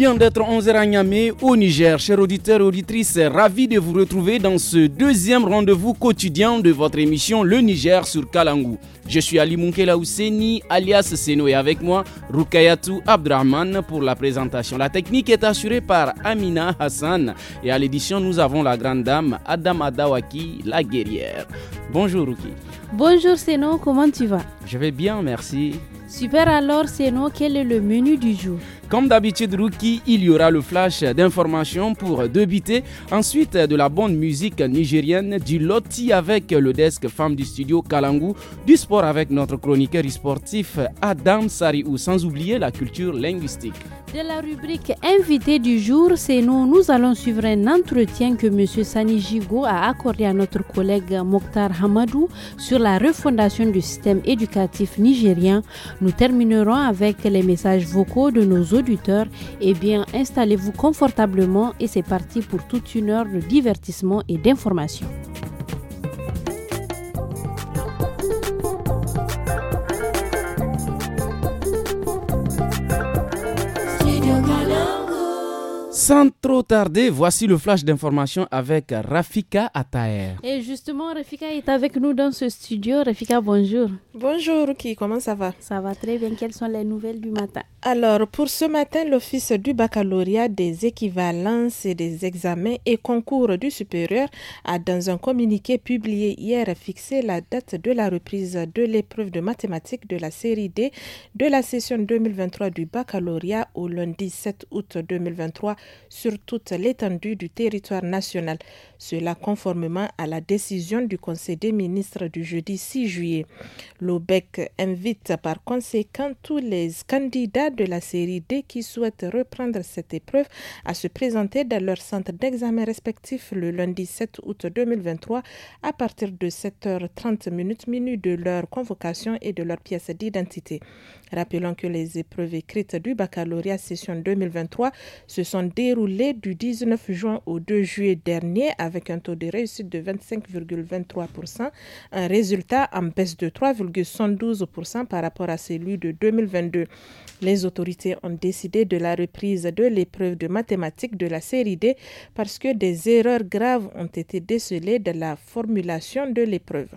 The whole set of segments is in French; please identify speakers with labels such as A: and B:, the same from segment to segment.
A: Bien d'être 11h à Niamey, au Niger. Chers auditeurs et auditrices, ravi de vous retrouver dans ce deuxième rendez-vous quotidien de votre émission Le Niger sur Kalangou. Je suis Ali Mounke Ousseni, alias Seno, et avec moi, Rukayatou Abdrahman pour la présentation. La technique est assurée par Amina Hassan. Et à l'édition, nous avons la grande dame Adam Adawaki, la guerrière. Bonjour Ruki.
B: Bonjour Seno, comment tu vas
A: Je vais bien, merci.
B: Super alors Seno, quel est le menu du jour
A: comme d'habitude, Rookie, il y aura le flash d'informations pour débiter. Ensuite, de la bonne musique nigérienne, du loti avec le desk femme du studio Kalangu, du sport avec notre chroniqueur sportif Adam Sariou, sans oublier la culture linguistique.
B: De la rubrique Invité du jour, c'est nous. Nous allons suivre un entretien que M. Sani Jigo a accordé à notre collègue Mokhtar Hamadou sur la refondation du système éducatif nigérien. Nous terminerons avec les messages vocaux de nos auditeurs. Eh bien, installez-vous confortablement et c'est parti pour toute une heure de divertissement et d'information.
A: Sans trop tarder, voici le flash d'information avec Rafika Ataer.
B: Et justement, Rafika est avec nous dans ce studio. Rafika, bonjour. Bonjour, Ruki, comment ça va Ça va très bien. Quelles sont les nouvelles du matin
C: Alors, pour ce matin, l'Office du baccalauréat des équivalences et des examens et concours du supérieur a, dans un communiqué publié hier, fixé la date de la reprise de l'épreuve de mathématiques de la série D de la session 2023 du baccalauréat au lundi 7 août 2023 sur toute l'étendue du territoire national. Cela conformément à la décision du Conseil des ministres du jeudi 6 juillet. L'OBEC invite par conséquent tous les candidats de la série D qui souhaitent reprendre cette épreuve à se présenter dans leur centre d'examen respectif le lundi 7 août 2023 à partir de 7h30 minutes minuit de leur convocation et de leur pièce d'identité. Rappelons que les épreuves écrites du baccalauréat session 2023 se sont déroulées déroulé du 19 juin au 2 juillet dernier avec un taux de réussite de 25,23%, un résultat en baisse de 3,112% par rapport à celui de 2022. Les autorités ont décidé de la reprise de l'épreuve de mathématiques de la série D parce que des erreurs graves ont été décelées de la formulation de l'épreuve.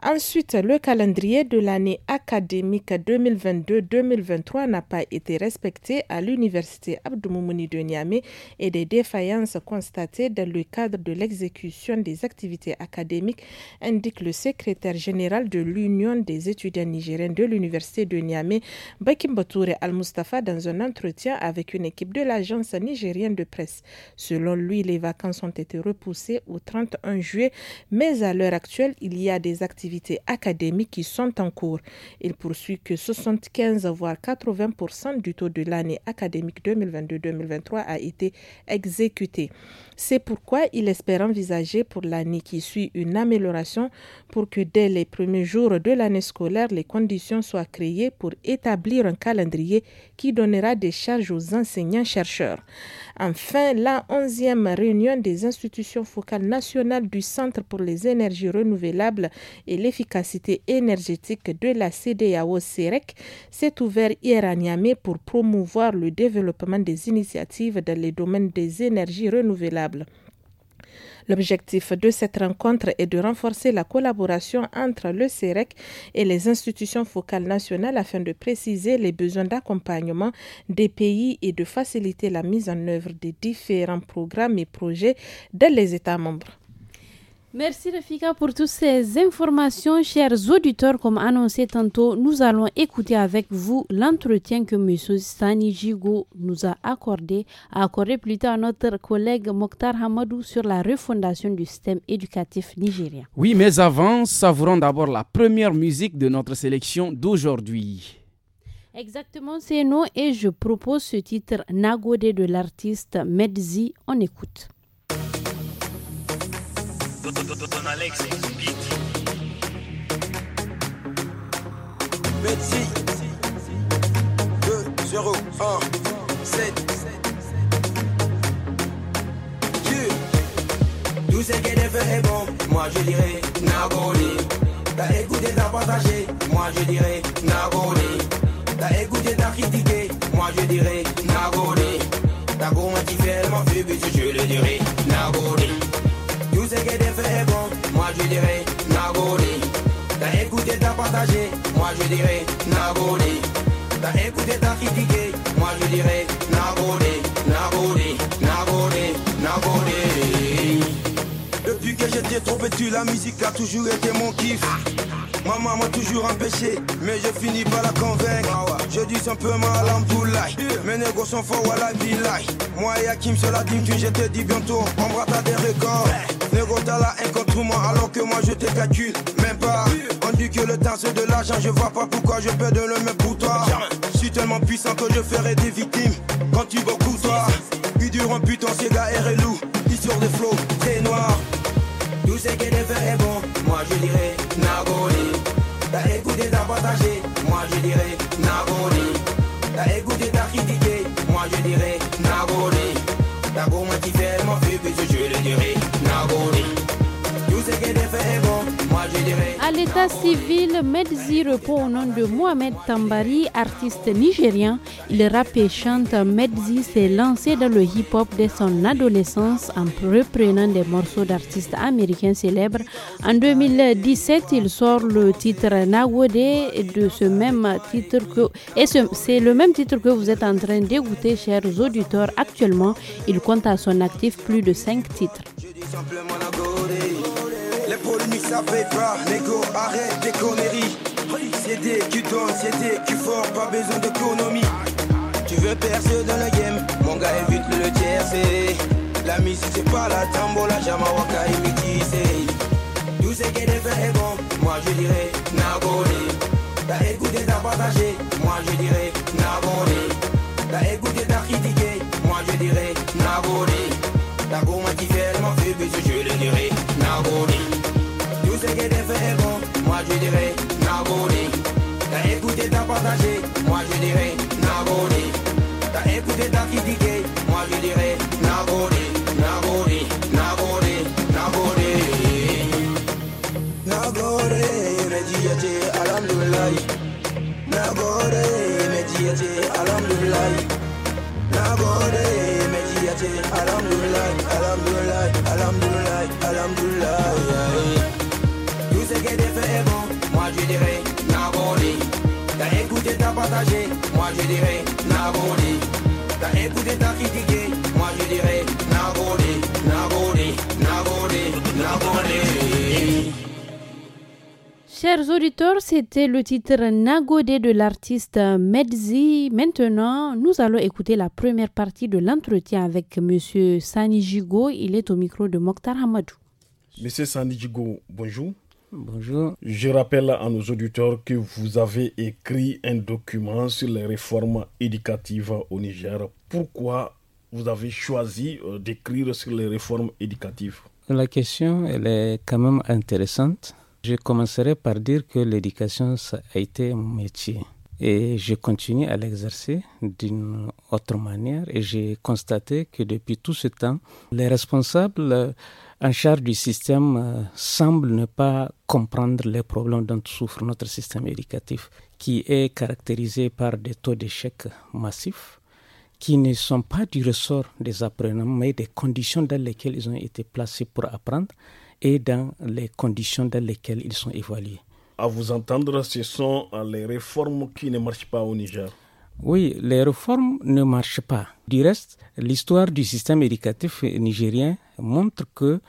C: Ensuite, le calendrier de l'année académique 2022-2023 n'a pas été respecté à l'université Abdoumoumouni de Niamey et des défaillances constatées dans le cadre de l'exécution des activités académiques, indique le secrétaire général de l'Union des étudiants nigériens de l'université de Niamey, Bakim Al-Mustafa, dans un entretien avec une équipe de l'agence nigérienne de presse. Selon lui, les vacances ont été repoussées au 31 juillet, mais à l'heure actuelle, il y a des activités activités académiques qui sont en cours. Il poursuit que 75 voire 80% du taux de l'année académique 2022-2023 a été exécuté. C'est pourquoi il espère envisager pour l'année qui suit une amélioration pour que dès les premiers jours de l'année scolaire, les conditions soient créées pour établir un calendrier qui donnera des charges aux enseignants-chercheurs. Enfin, la 11e réunion des institutions focales nationales du Centre pour les énergies renouvelables et l'efficacité énergétique de la CDAO-CEREC e s'est ouverte hier à Niamey pour promouvoir le développement des initiatives dans les domaines des énergies renouvelables. L'objectif de cette rencontre est de renforcer la collaboration entre le CEREC e et les institutions focales nationales afin de préciser les besoins d'accompagnement des pays et de faciliter la mise en œuvre des différents programmes et projets dans les États membres.
B: Merci Rafika pour toutes ces informations. Chers auditeurs, comme annoncé tantôt, nous allons écouter avec vous l'entretien que M. Sani Jigo nous a accordé, a plus tard à notre collègue Mokhtar Hamadou sur la refondation du système éducatif nigérien.
A: Oui, mais avant, savourons d'abord la première musique de notre sélection d'aujourd'hui.
B: Exactement, c'est nous et je propose ce titre Nagode de l'artiste Medzi. On écoute.
D: Don
E: Alex Petit 2 0 1 7 Tout ce bon, moi je dirais Nagoli. T'as écouté, moi je dirais Nagoli. T'as écouté, moi je dirais Nagoli. T'as bah je le dirais Nagoli moi je dirais Nagoli. T'as écouté, t'as partagé, moi je dirais Nagoli. T'as écouté, t'as critiqué, moi je dirais Nagoli. tu la musique a toujours été mon kiff. Ma maman m'a toujours empêché, mais je finis par la convaincre. Ah je dis simplement à l'amboulaï. mes négos sont forts à la villa. Moi et Hakim sur la tu je te dis bientôt, on t'as des records. Négos t'as la haine contre moi alors que moi je te calcule, même pas. On dit que le temps c'est de l'argent, je vois pas pourquoi je perds de le même pour toi. Je suis tellement puissant que je ferai des victimes quand tu beaucoup toi. dure un putain, ces gars et loup, ils sort des flots très noirs. Tout ce que le faire est bon, moi je dirais Nagoni. T'as écouté goûts moi je dirais
B: à l'état civil, Medzi repose au nom de Mohamed Tambari, artiste nigérien. Il rappe et chante. Medzi s'est lancé dans le hip-hop dès son adolescence en reprenant des morceaux d'artistes américains célèbres. En 2017, il sort le titre Nawode de ce même titre que, et c'est le même titre que vous êtes en train d'écouter, chers auditeurs. Actuellement, il compte à son actif plus de 5 titres.
E: Les polémiques ça paye pas, go, arrête des conneries C'est des tu donnes, c'est des tu fort, pas besoin d'économie Tu veux percer dans la game, mon gars évite le tiercé La musique c'est pas la tambola, waka, et c'est Tout ce qu'elle fait est bon, moi je dirais Nagori T'as écouté, t'as partagé, moi je dirais volé. T'as écouté, t'as critiqué, moi je dirais volé. je dirais Nagoni. T'as écouté, t'as partagé, moi je dirais Nagoni. T'as écouté, t'as critiqué, moi je dirais Nagoni. Naboni, Naboni, Naboni. Nagore, mediyate, alhamdulillah. Nagore, mediyate, alhamdulillah. Nagore, mediyate, alhamdulillah, alhamdulillah.
B: Chers auditeurs, c'était le titre Nagode » de l'artiste Medzi. Maintenant, nous allons écouter la première partie de l'entretien avec M. Sani Jigo. Il est au micro de Mokhtar Hamadou.
D: Monsieur Sani Jigo, bonjour. Bonjour. Je rappelle à nos auditeurs que vous avez écrit un document sur les réformes éducatives au Niger. Pourquoi vous avez choisi euh, d'écrire sur les réformes éducatives
F: La question, elle est quand même intéressante. Je commencerai par dire que l'éducation, ça a été mon métier. Et je continue à l'exercer d'une autre manière. Et j'ai constaté que depuis tout ce temps, les responsables en charge du système euh, semble ne pas comprendre les problèmes dont souffre notre système éducatif, qui est caractérisé par des taux d'échec massifs, qui ne sont pas du ressort des apprenants, mais des conditions dans lesquelles ils ont été placés pour apprendre et dans les conditions dans lesquelles ils sont évalués.
D: À vous entendre, ce sont les réformes qui ne marchent pas au Niger.
F: Oui, les réformes ne marchent pas. Du reste, l'histoire du système éducatif nigérien montre que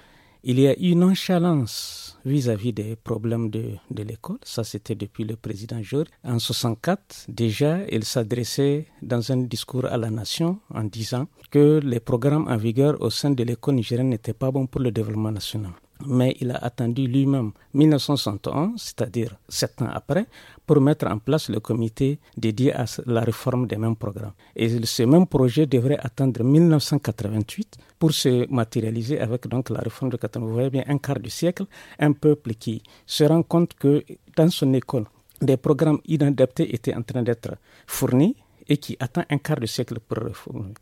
F: il y a une nonchalance vis-à-vis des problèmes de, l'école. Ça, c'était depuis le président Jory. En 1964, déjà, il s'adressait dans un discours à la nation en disant que les programmes en vigueur au sein de l'école nigérienne n'étaient pas bons pour le développement national mais il a attendu lui-même 1971, c'est-à-dire sept ans après, pour mettre en place le comité dédié à la réforme des mêmes programmes. Et ce même projet devrait attendre 1988 pour se matérialiser avec donc la réforme de 1988. Vous voyez bien, un quart du siècle, un peuple qui se rend compte que dans son école, des programmes inadaptés étaient en train d'être fournis et qui attend un quart de siècle pour réformer.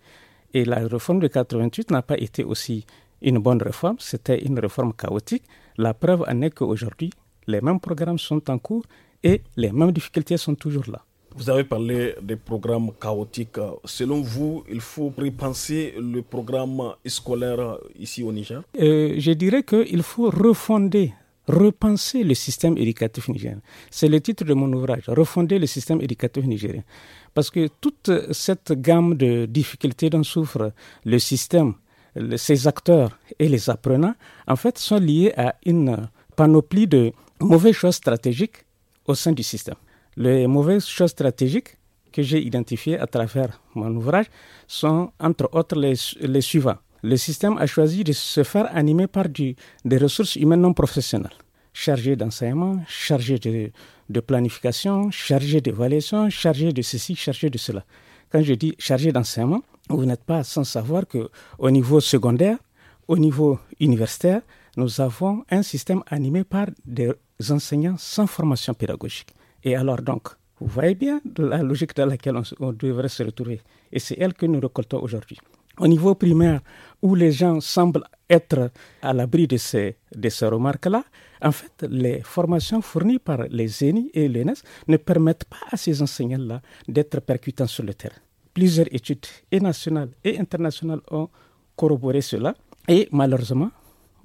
F: Et la réforme de 88 n'a pas été aussi une bonne réforme, c'était une réforme chaotique. La preuve en est qu'aujourd'hui, les mêmes programmes sont en cours et les mêmes difficultés sont toujours là.
D: Vous avez parlé des programmes chaotiques. Selon vous, il faut repenser le programme scolaire ici au Niger
F: euh, Je dirais qu'il faut refonder, repenser le système éducatif nigérien. C'est le titre de mon ouvrage, Refonder le système éducatif nigérien. Parce que toute cette gamme de difficultés dont souffre le système ces acteurs et les apprenants, en fait, sont liés à une panoplie de mauvaises choses stratégiques au sein du système. Les mauvaises choses stratégiques que j'ai identifiées à travers mon ouvrage sont, entre autres, les, suivants. Le système a choisi de se faire animer par du, des ressources humaines non professionnelles, chargées d'enseignement, chargées de, de planification, chargées d'évaluation, chargées de ceci, chargées de cela. Quand je dis chargé d'enseignement, vous n'êtes pas sans savoir que au niveau secondaire, au niveau universitaire, nous avons un système animé par des enseignants sans formation pédagogique. Et alors donc, vous voyez bien la logique dans laquelle on, devrait se retrouver. Et c'est elle que nous récoltons aujourd'hui. Au niveau primaire, où les gens semblent être à l'abri de ces, remarques-là, en fait, les formations fournies par les ENI et l'ENES ne permettent pas à ces enseignants-là d'être percutants sur le terrain. Plusieurs études, et nationales et internationales, ont corroboré cela. Et malheureusement,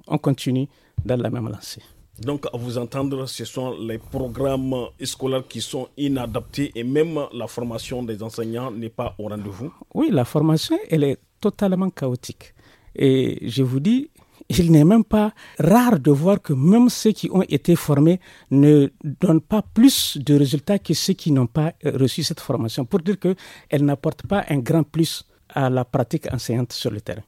F: on continue dans la même lancée.
D: Donc, à vous entendre, ce sont les programmes scolaires qui sont inadaptés et même la formation des enseignants n'est pas au rendez-vous.
F: Oui, la formation, elle est totalement chaotique. Et je vous dis, il n'est même pas rare de voir que même ceux qui ont été formés ne donnent pas plus de résultats que ceux qui n'ont pas euh, reçu cette formation, pour dire qu'elle n'apporte pas un grand plus à la pratique enseignante sur le terrain.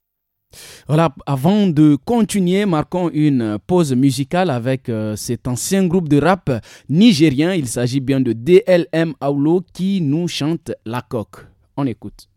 A: Voilà, avant de continuer, marquons une pause musicale avec euh, cet ancien groupe de rap nigérien. Il s'agit bien de DLM Aulo qui nous chante la coque. On écoute.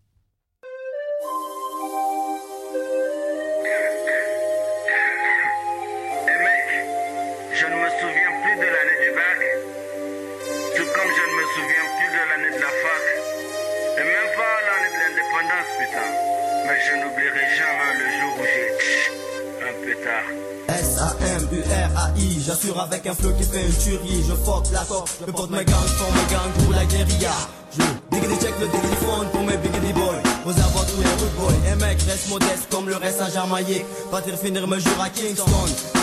G: J'assure avec un fleu qui fait une tuerie Je fuck la sorte, je porte mes gangs, pour mes gangs pour la guérilla Je les check le téléphone pour mes big vous avant tous les rude boys. Et eh mec, reste modeste comme le reste à Jamaïque. Va dire finir me jure à Kingston.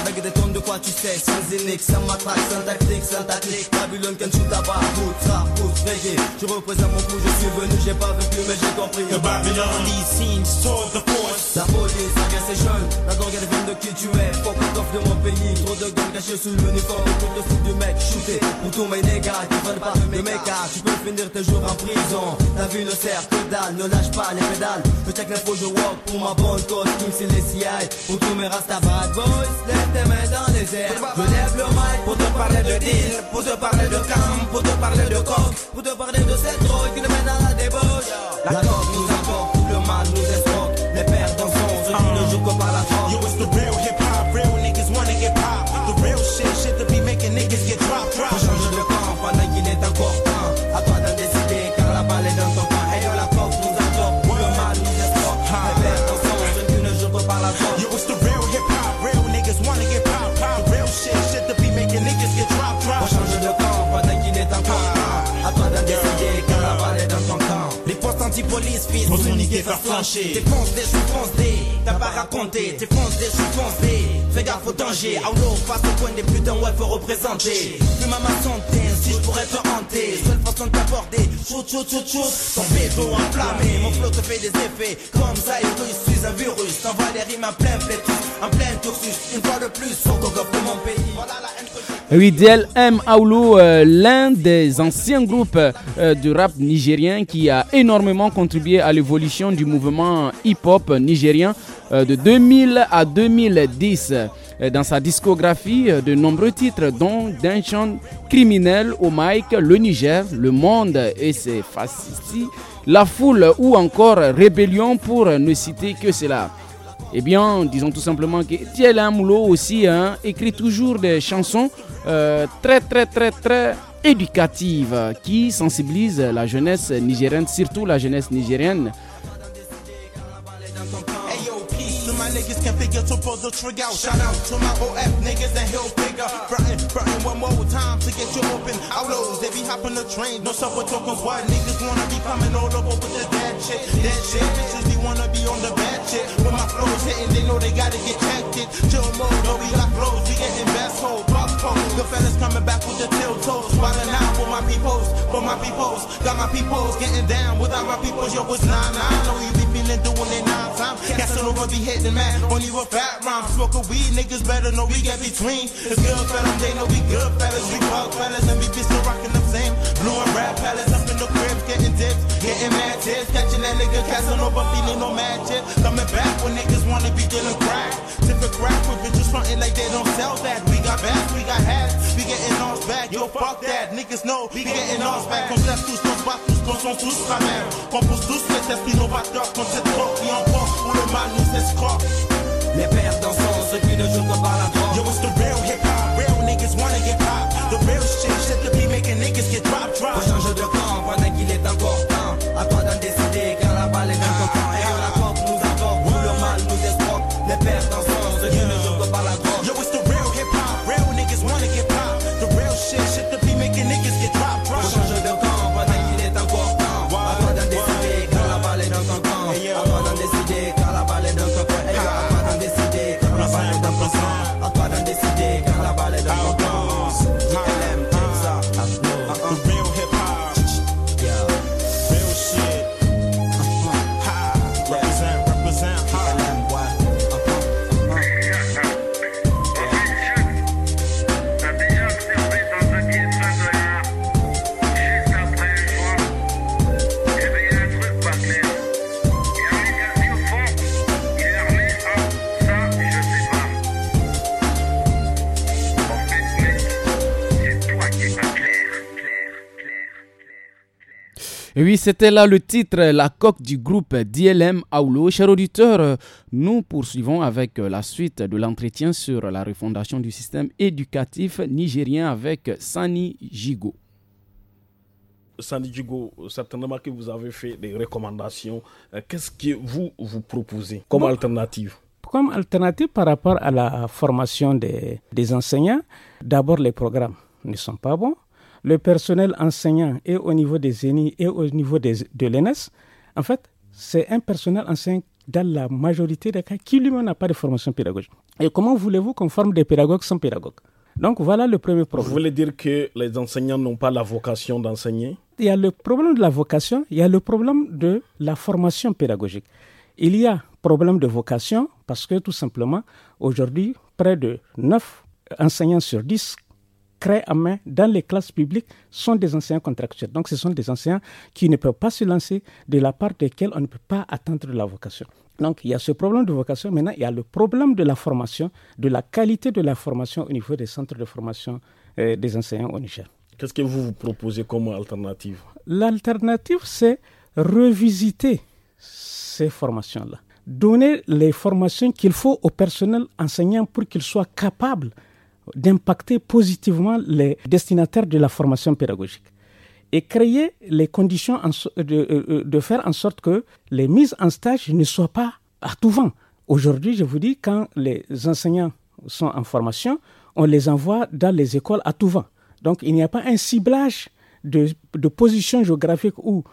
G: Avec des tonnes de quoi tu sais, sans zénique, sans matraque, sans tactique, sans tactique. Babylone, Kenshu, d'abord, Bout, Trap, Bout, Reggae. Je représente mon coup, je suis venu, j'ai pas vécu, mais j'ai compris. The Babylon scenes, towards the force. La police, agresse c'est jeunes. La drogue, elle vient de qui tu es. Faut qu'on t'offre de mon pays. Trop de gants cachés sous l'uniforme. Pour le foot du mec, shooté. Pour tous mes dégâts, tu veulent pas de mes Tu peux finir tes jours en prison. Ta vie ne sert que dalle, ne lâche pas les pédales. Je check les faux, je walk pour ma bonne cause. Kim, c'est les CI. Pour tous mes rasta bad boys, lève tes mains dans les airs. Je lève le mic pour te parler de deal, pour te parler de cam, pour te parler de coq, pour te parler de cette drogue qui nous mène à la débauche. La, la
E: coque nous accorde tout le mal nous fort, Les pères d'enfance, je ne joue que par la force. You was the real police fils Pour une idée faire flancher T'es des je suis T'as pas raconté T'es des je suis Fais gaffe au danger Outlaw face au coin des putains ouais faut représenter Plus ma santé Si je pourrais te hanter Seule façon de t'aborder chou chou, chou, chou, Ton enflammé Mon flow te fait des effets Comme ça et tout je suis un virus T'envoies les rimes en plein flétus En plein tursus Une fois de plus on gogo pour mon pays
A: Voilà la haine Ridel M. Aulo, euh, l'un des anciens groupes euh, du rap nigérien qui a énormément contribué à l'évolution du mouvement hip-hop nigérien euh, de 2000 à 2010. Dans sa discographie, de nombreux titres, dont d'un criminel au Mike Le Niger, Le Monde et ses fascistes, La Foule ou encore Rébellion pour ne citer que cela. Eh bien, disons tout simplement que Thiel Moulo aussi hein, écrit toujours des chansons euh, très, très, très, très éducatives qui sensibilisent la jeunesse nigérienne, surtout la jeunesse nigérienne,
E: Can't figure to pull the trigger out. Shout out to my OF niggas and he'll figure. Frontin', frontin' one more time to get you open. Outlaws, they be hopping the train. No supper tokens, why niggas wanna be coming all over with the bad shit? That shit, bitches they wanna be on the bad shit. When my flow's hitting, they know they gotta get it. Chill mode, no, we got flows, we getting best hole, buck hole. The fellas coming back with the tail toes. Wildin' now, for my peoples, for my peoples. Got my peoples getting down without my peoples, yo, it's 9-9. Know you be smoking and doing it nine times. Castle over be hitting mad, only with fat rhymes. Smoking weed, niggas better know we get between. It's girls fellas, they know we good fellas. We punk fellas, and we be still rocking the same. Blue and red palace up in the crib, getting dips, getting mad tips. Catching that nigga Casanova, feeling no magic. Coming back when niggas wanna be getting cracked. Tipping crack with bitches frontin' like they don't sell that. We got bags, we got hats, we getting ours back. Yo, fuck that, niggas know we getting ours back. Con tus dos con sus cameras. Con tus dos letras, pino je croque ou en ou le
G: mal nous escroque. Les pères dansant, ceux qui ne jouent que par la Yo, it's the real hip hop, real niggas wanna get pop. The real shit, shit to be making niggas get drop, drop. changer de corps.
A: C'était là le titre, la coque du groupe DLM Aulo. Chers auditeurs, nous poursuivons avec la suite de l'entretien sur la refondation du système éducatif nigérien avec Sani Jigo.
D: Sani Jigo, certainement que vous avez fait des recommandations. Euh, qu'est-ce que vous vous proposez comme alternative
F: Comme alternative par rapport à la formation des enseignants, d'abord les programmes ne sont pas bons le personnel enseignant et au niveau des ENI et au niveau des, de l'ENS, en fait, c'est un personnel enseignant dans la majorité des cas qui lui-même n'a pas de formation pédagogique. Et comment voulez-vous qu'on forme des pédagogues sans pédagogues Donc voilà le premier problème. Vous voulez dire que les enseignants n'ont pas la vocation d'enseigner Il y a le problème de la vocation, il y a le problème de la formation pédagogique. Il y a problème de vocation parce que tout simplement, aujourd'hui, près de 9 enseignants sur 10 Créés à main dans les classes publiques sont des enseignants contractuels. Donc ce sont des enseignants qui ne peuvent pas se lancer, de la part desquels on ne peut pas attendre la vocation. Donc, il y a ce problème de vocation. Maintenant, il y a le problème de la formation, de la qualité de la formation au niveau des centres de formation euh, des enseignants au Niger. Qu'est-ce que vous vous proposez comme alternative L'alternative, c'est revisiter ces formations-là. Donner les formations qu'il faut au personnel enseignant pour qu'il soit capable d'impacter positivement les destinataires de la formation pédagogique et créer les conditions euh, euh, de, faire en sorte que les mises en stage ne soient pas à tout vent. Aujourd'hui, je vous dis, quand les enseignants sont en formation, on les envoie dans les écoles à tout vent. Donc, il n'y a pas un ciblage de, de position géographique où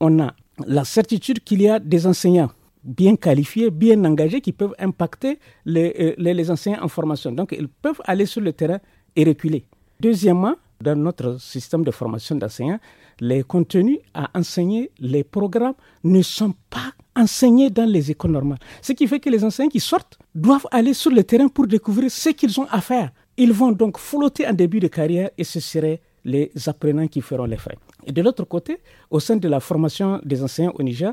F: on a la certitude qu'il y a des enseignants bien qualifiés, bien engagés, qui peuvent impacter euh, les, les, enseignants en formation. Donc, ils peuvent aller sur le terrain et reculer. Deuxièmement, dans notre système de formation d'enseignants, les contenus à enseigner, les programmes ne sont pas enseignés dans les écoles normales. Ce qui fait que les enseignants qui sortent doivent aller sur le terrain pour découvrir ce qu'ils ont à faire. Ils vont donc flotter en début de carrière et ce seraient les apprenants qui feront les frais. Et de l'autre côté, au sein de la formation des enseignants au Niger,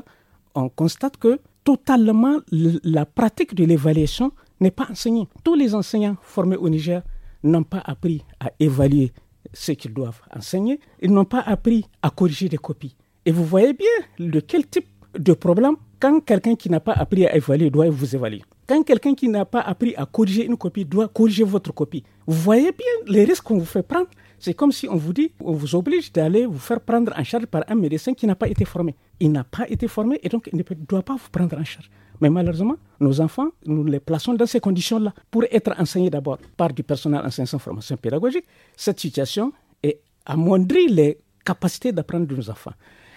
F: on constate que totalement la pratique de l'évaluation n'est pas enseignée. Tous les enseignants formés au Niger n'ont pas appris à évaluer ce qu'ils doivent enseigner, ils n'ont pas appris à corriger des copies. Et vous voyez bien de quel type de problème quand quelqu'un qui n'a pas appris à évaluer doit vous évaluer. Quand quelqu'un qui n'a pas appris à corriger une copie doit corriger votre copie. Vous voyez bien les risques qu'on vous fait prendre c'est comme si on vous dit, on vous oblige d'aller vous faire prendre en charge par un médecin qui n'a pas été formé. Il n'a pas été formé et donc il ne doit pas vous prendre en charge. Mais malheureusement, nos enfants, nous les plaçons dans ces conditions-là pour être enseignés d'abord par du personnel enseignant sans formation pédagogique. Cette situation est amoindrie les capacités d'apprendre de nos enfants.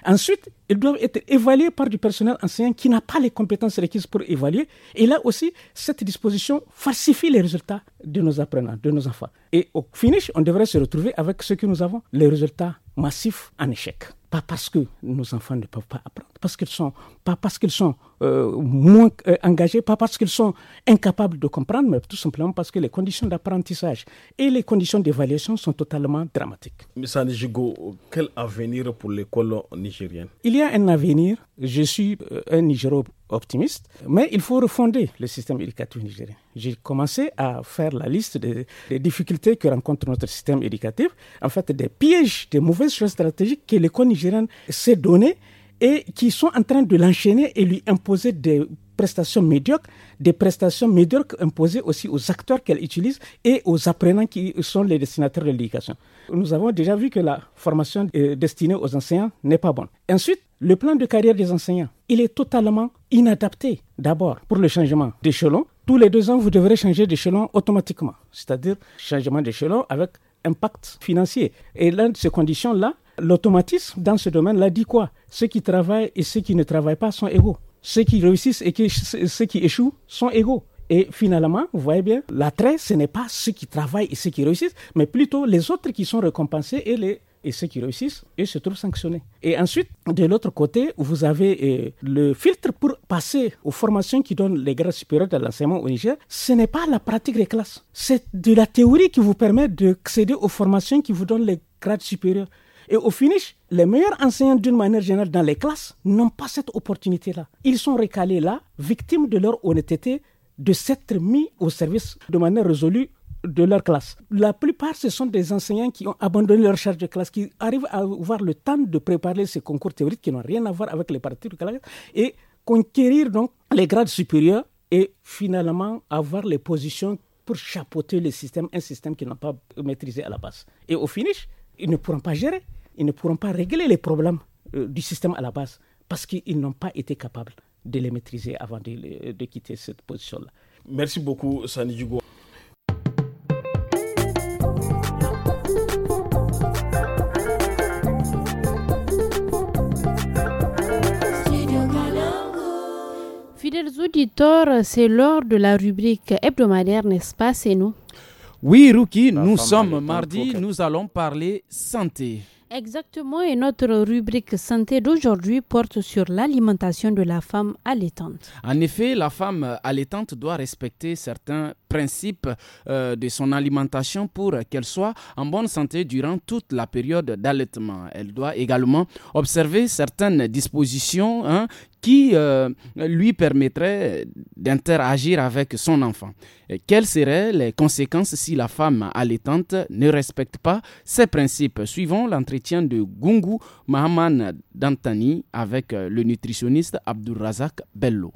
F: Ensuite, ils doivent être évalués par du personnel enseignant qui n'a pas les compétences requises pour évaluer. Et là aussi, cette disposition falsifie les résultats de nos apprenants, de nos enfants. Et au finish, on devrait se retrouver avec ce que nous avons, les résultats massifs en échec pas parce que nos enfants ne peuvent pas apprendre, parce qu'ils sont, pas parce qu'ils sont euh, moins euh, engagés, pas parce qu'ils sont incapables de comprendre, mais tout simplement parce que les conditions d'apprentissage et les conditions d'évaluation sont totalement dramatiques.
D: M. Nijigo, quel avenir pour l'école
F: nigérienne Il y a un avenir. Je suis euh, un Nigéro optimiste, mais il faut refonder le système éducatif nigérien. J'ai commencé à faire la liste des, difficultés que rencontre notre système éducatif, en fait des pièges, des mauvaises choses stratégiques que l'école nigérienne s'est donnée et qui sont en train de l'enchaîner et lui imposer des prestations médiocres, des prestations médiocres imposées aussi aux acteurs qu'elle utilise et aux apprenants qui sont les destinataires de l'éducation. Nous avons déjà vu que la formation destinée aux enseignants n'est pas bonne. Ensuite, le plan de carrière des enseignants, il est totalement inadapté. D'abord, pour le changement d'échelon, tous les deux ans, vous devrez changer d'échelon automatiquement, c'est-à-dire changement d'échelon avec impact financier. Et de ces conditions-là, l'automatisme dans ce domaine-là dit quoi Ceux qui travaillent et ceux qui ne travaillent pas sont égaux. Ceux qui réussissent et ceux qui échouent sont égaux. Et finalement, vous voyez bien, l'attrait, ce n'est pas ceux qui travaillent et ceux qui réussissent, mais plutôt les autres qui sont récompensés et les et ceux qui réussissent, ils se trouvent sanctionnés. Et ensuite, de l'autre côté, vous avez euh, le filtre pour passer aux formations qui donnent les grades supérieurs de l'enseignement au Niger. Ce n'est pas la pratique des classes, c'est de la théorie qui vous permet d'accéder aux formations qui vous donnent les grades supérieurs. Et au finish, les meilleurs enseignants d'une manière générale dans les classes n'ont pas cette opportunité-là. Ils sont recalés là, victimes de leur honnêteté, de s'être mis au service de manière résolue de leur classe. La plupart, ce sont des enseignants qui ont abandonné leur charge de classe, qui arrivent à avoir le temps de préparer ces concours théoriques qui n'ont rien à voir avec les parties de classe et conquérir donc les grades supérieurs et finalement avoir les positions pour chapeauter le système, un système qu'ils n'ont pas maîtrisé à la base. Et au finish, ils ne pourront pas gérer, ils ne pourront pas régler les problèmes euh, du système à la base parce qu'ils n'ont pas été capables de les maîtriser avant de, quitter cette position-là. Merci beaucoup, Sani
B: les auditeurs, c'est l'heure de la rubrique hebdomadaire, n'est-ce pas, c'est nous Oui, Ruki,
A: nous sommes mardi, nous allons parler santé.
B: Exactement, et notre rubrique santé d'aujourd'hui porte sur l'alimentation de la femme allaitante.
A: En effet, la femme allaitante doit respecter certains principes euh, de son alimentation pour qu'elle soit en bonne santé durant toute la période d'allaitement. Elle doit également observer certaines dispositions hein, qui euh, lui permettrait d'interagir avec son enfant. Et quelles seraient les conséquences si la femme allaitante ne respecte pas ces principes Suivant l'entretien de Gungu Mahaman Dantani avec euh, le nutritionniste Abdulrazak
H: Bello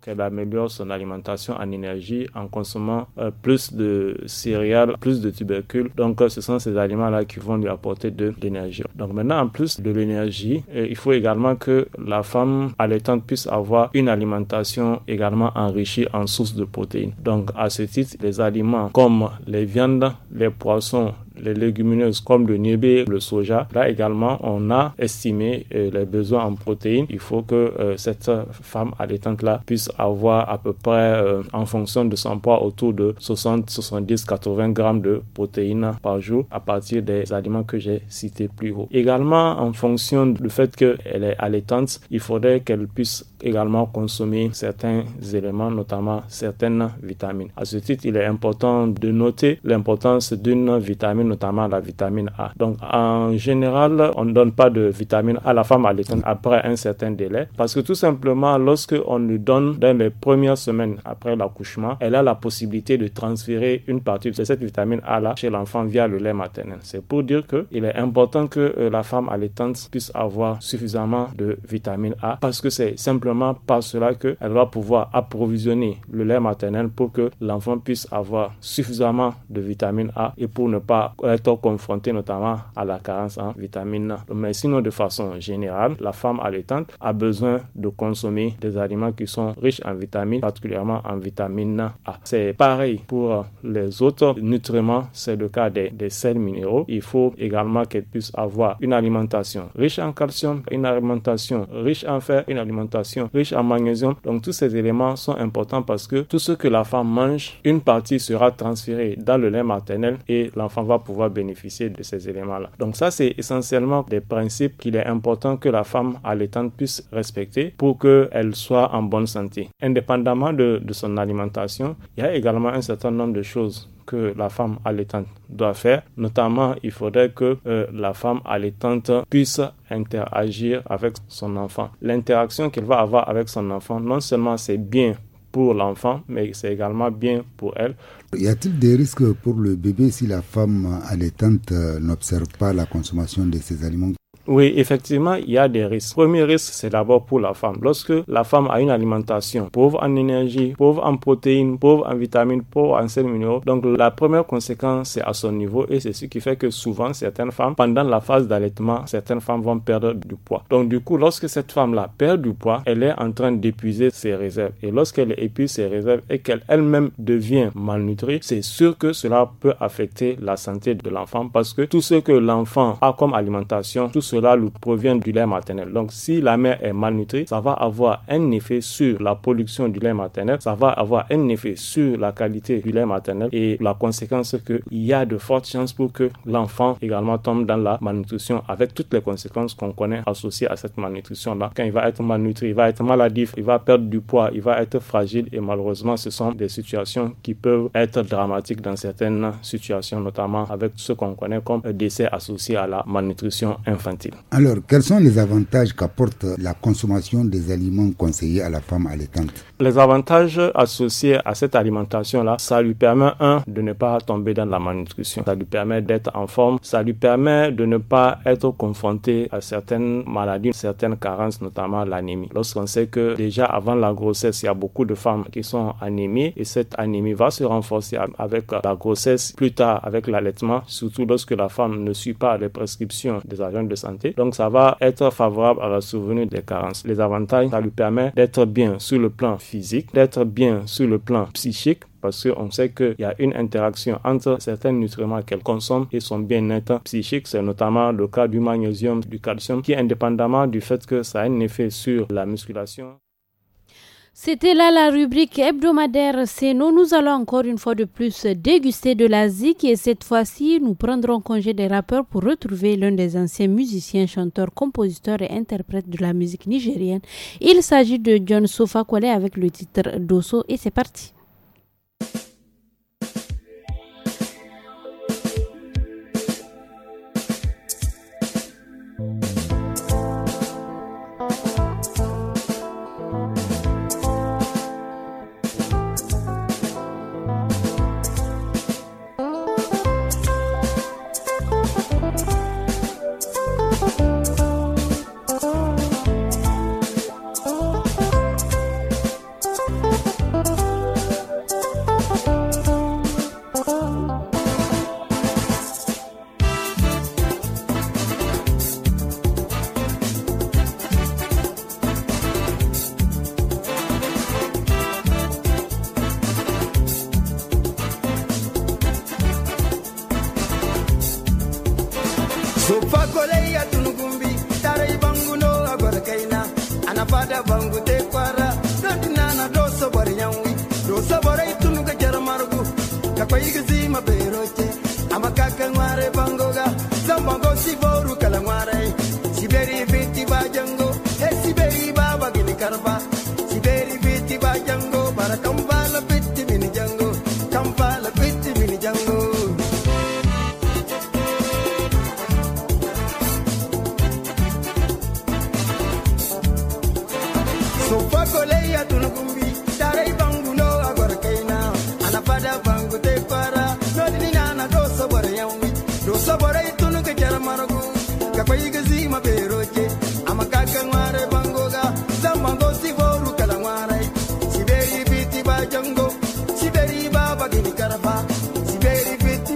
H: qu'elle améliore son alimentation en énergie en consommant euh, plus de céréales, plus de tubercules. Donc, euh, ce sont ces aliments-là qui vont lui apporter de l'énergie. Donc, maintenant, en plus de l'énergie, euh, il faut également que la femme allaitante puisse avoir une alimentation également enrichie en sources de protéines. Donc, à ce titre, les aliments comme les viandes, les poissons, les légumineuses comme le niébé, le soja. Là également, on a estimé euh, les besoins en protéines. Il faut que euh, cette femme allaitante-là puisse avoir à peu près, euh, en fonction de son poids, autour de 60, 70, 80 grammes de protéines par jour à partir des aliments que j'ai cités plus haut. Également, en fonction du fait qu'elle est allaitante, il faudrait qu'elle puisse également consommer certains éléments, notamment certaines vitamines. À ce titre, il est important de noter l'importance d'une vitamine, notamment la vitamine A. Donc, en général, on ne donne pas de vitamine à la femme allaitante après un certain délai parce que tout simplement, lorsque on lui donne dans les premières semaines après l'accouchement, elle a la possibilité de transférer une partie de cette vitamine A là chez l'enfant via le lait maternel. C'est pour dire que il est important que euh, la femme allaitante puisse avoir suffisamment de vitamine A parce que c'est simplement par cela qu'elle va pouvoir approvisionner le lait maternel pour que l'enfant puisse avoir suffisamment de vitamine A et pour ne pas être confronté notamment à la carence en vitamine A. Mais sinon, de façon générale, la femme allaitante a besoin de consommer des aliments qui sont riches en vitamines, particulièrement en vitamine A. C'est pareil pour les autres nutriments, c'est le cas des, des sels minéraux. Il faut également qu'elle puisse avoir une alimentation riche en calcium, une alimentation riche en fer, une alimentation riche en magnésium. Donc tous ces éléments sont importants parce que tout ce que la femme mange, une partie sera transférée dans le lait maternel et l'enfant va pouvoir bénéficier de ces éléments-là. Donc ça, c'est essentiellement des principes qu'il est important que la femme allaitante puisse respecter pour qu'elle soit en bonne santé. Indépendamment de son alimentation, il y a également un certain nombre de choses que la femme allaitante doit faire. Notamment, il faudrait que euh, la femme allaitante puisse interagir avec son enfant. L'interaction qu'elle va avoir avec son enfant, non seulement c'est bien pour l'enfant, mais c'est également bien pour elle.
I: Y a-t-il des risques pour le bébé si la femme allaitante euh, n'observe pas la consommation de ces aliments
H: oui, effectivement, il y a des risques. premier risque, c'est d'abord pour la femme. Lorsque la femme a une alimentation pauvre en énergie, pauvre en protéines, pauvre en vitamines, pauvre en sels minéraux, donc la première conséquence, c'est à son niveau et c'est ce qui fait que souvent, certaines femmes, pendant la phase d'allaitement, certaines femmes vont perdre du poids. Donc, du coup, lorsque cette femme-là perd du poids, elle est en train d'épuiser ses réserves. Et lorsqu'elle épuise ses réserves et qu'elle elle-même devient malnutrie, c'est sûr que cela peut affecter la santé de l'enfant parce que tout ce que l'enfant a comme alimentation, tout ce cela provient du lait maternel. Donc, si la mère est malnutrie, ça va avoir un effet sur la production du lait maternel, ça va avoir un effet sur la qualité du lait maternel et la conséquence c'est qu'il y a de fortes chances pour que l'enfant également tombe dans la malnutrition avec toutes les conséquences qu'on connaît associées à cette malnutrition-là. Quand il va être malnutri, il va être maladif, il va perdre du poids, il va être fragile et malheureusement, ce sont des situations qui peuvent être dramatiques dans certaines situations, notamment avec ce qu'on connaît comme décès associé à la malnutrition infantile.
I: Alors, quels sont les avantages qu'apporte la consommation des aliments conseillés à la femme allaitante
H: Les avantages associés à cette alimentation-là, ça lui permet, un, de ne pas tomber dans la malnutrition, ça lui permet d'être en forme, ça lui permet de ne pas être confronté à certaines maladies, certaines carences, notamment l'anémie. Lorsqu'on sait que déjà avant la grossesse, il y a beaucoup de femmes qui sont anémies et cette anémie va se renforcer avec la grossesse, plus tard avec l'allaitement, surtout lorsque la femme ne suit pas les prescriptions des agents de santé donc ça va être favorable à la survenue des carences. Les avantages, ça lui permet d'être bien sur le plan physique, d'être bien sur le plan psychique, parce qu'on sait qu'il y a une interaction entre certains nutriments qu'elle consomme et son bien-être psychique. C'est notamment le cas du magnésium, du calcium, qui indépendamment du fait que ça a un effet sur la musculation.
B: C'était là la rubrique hebdomadaire c'est Nous allons encore une fois de plus déguster de l'Asie et cette fois-ci, nous prendrons congé des rappeurs pour retrouver l'un des anciens musiciens, chanteurs, compositeurs et interprètes de la musique nigérienne. Il s'agit de John Sofa Kwale avec le titre Dosso et c'est parti.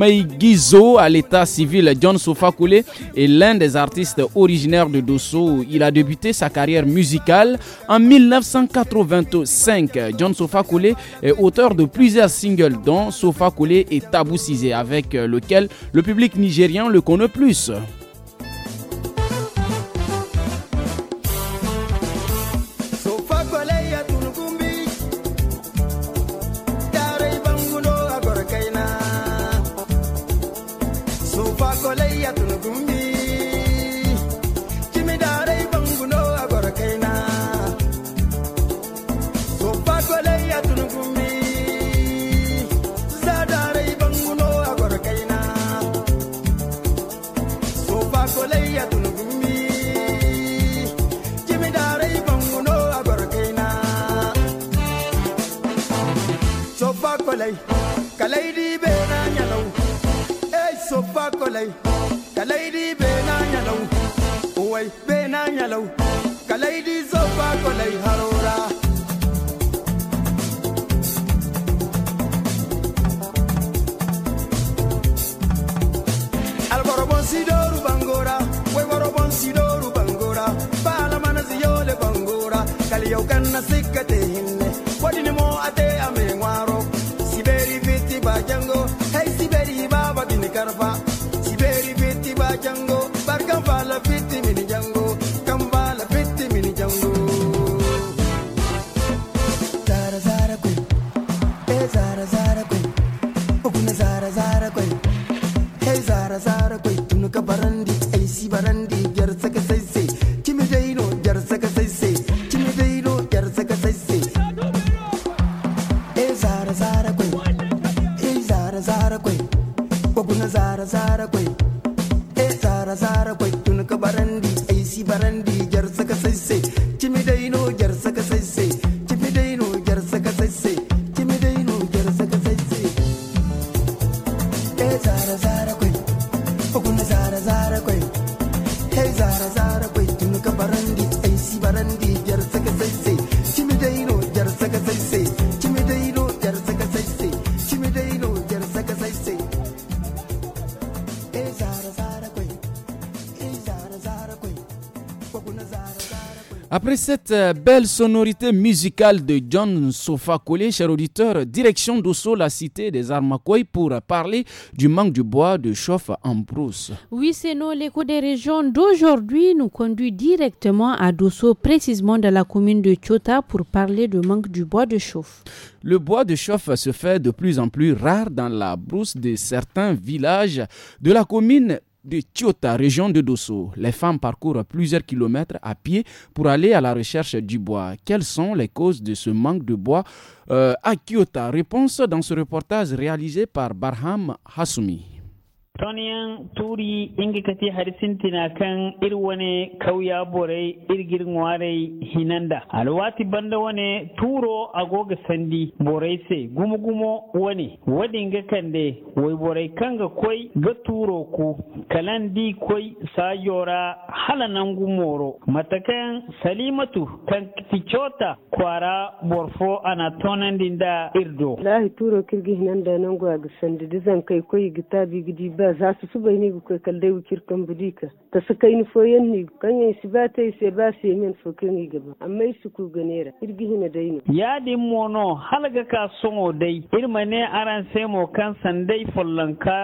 A: Maigizo à l'état civil John Sofakule est l'un des artistes originaires de Dosso. Il a débuté sa carrière musicale en 1985. John Sofakule est auteur de plusieurs singles dont Sofakule et Tabou Cisé » avec lequel le public nigérian le connaît plus. Après cette euh, belle sonorité musicale de John Sofa cher auditeur, direction d'Osso, la cité des Armakoy, pour parler du manque du bois de chauffe en brousse.
B: Oui, c'est nous, l'écho des régions d'aujourd'hui nous conduit directement à Dosso, précisément dans la commune de Chota, pour parler du manque du bois de chauffe.
A: Le bois de chauffe se fait de plus en plus rare dans la brousse de certains villages de la commune de Kyoto, région de Dosso, les femmes parcourent plusieurs kilomètres à pied pour aller à la recherche du bois. Quelles sont les causes de ce manque de bois euh, à Kyoto Réponse dans ce reportage réalisé par Barham Hassoumi.
J: toniyan turi inga kati harisintina kan irwane kauya borai irgir ngwarei hinanda alwati banda wane turo agoga sandi borai se gumo gumo wane inga kande wai borai kanga koi ga turo ku kalandi koi hala halanan gumoro matakan salimatu kan kichota kwara borfo ana dinda irdo
C: lahi turo kirgi hinanda nangu sandi dizan kai koi gita gidi ba za su subai ni ko kaldai wukir kan budika ta kai ni foyan ni kan yin si ba ta sai ba yi min fokin yi gaba amma su ku ganera irgi hina dai
J: ni ya mono halga ka o dai irma ne aran sai mo kan sandai follanka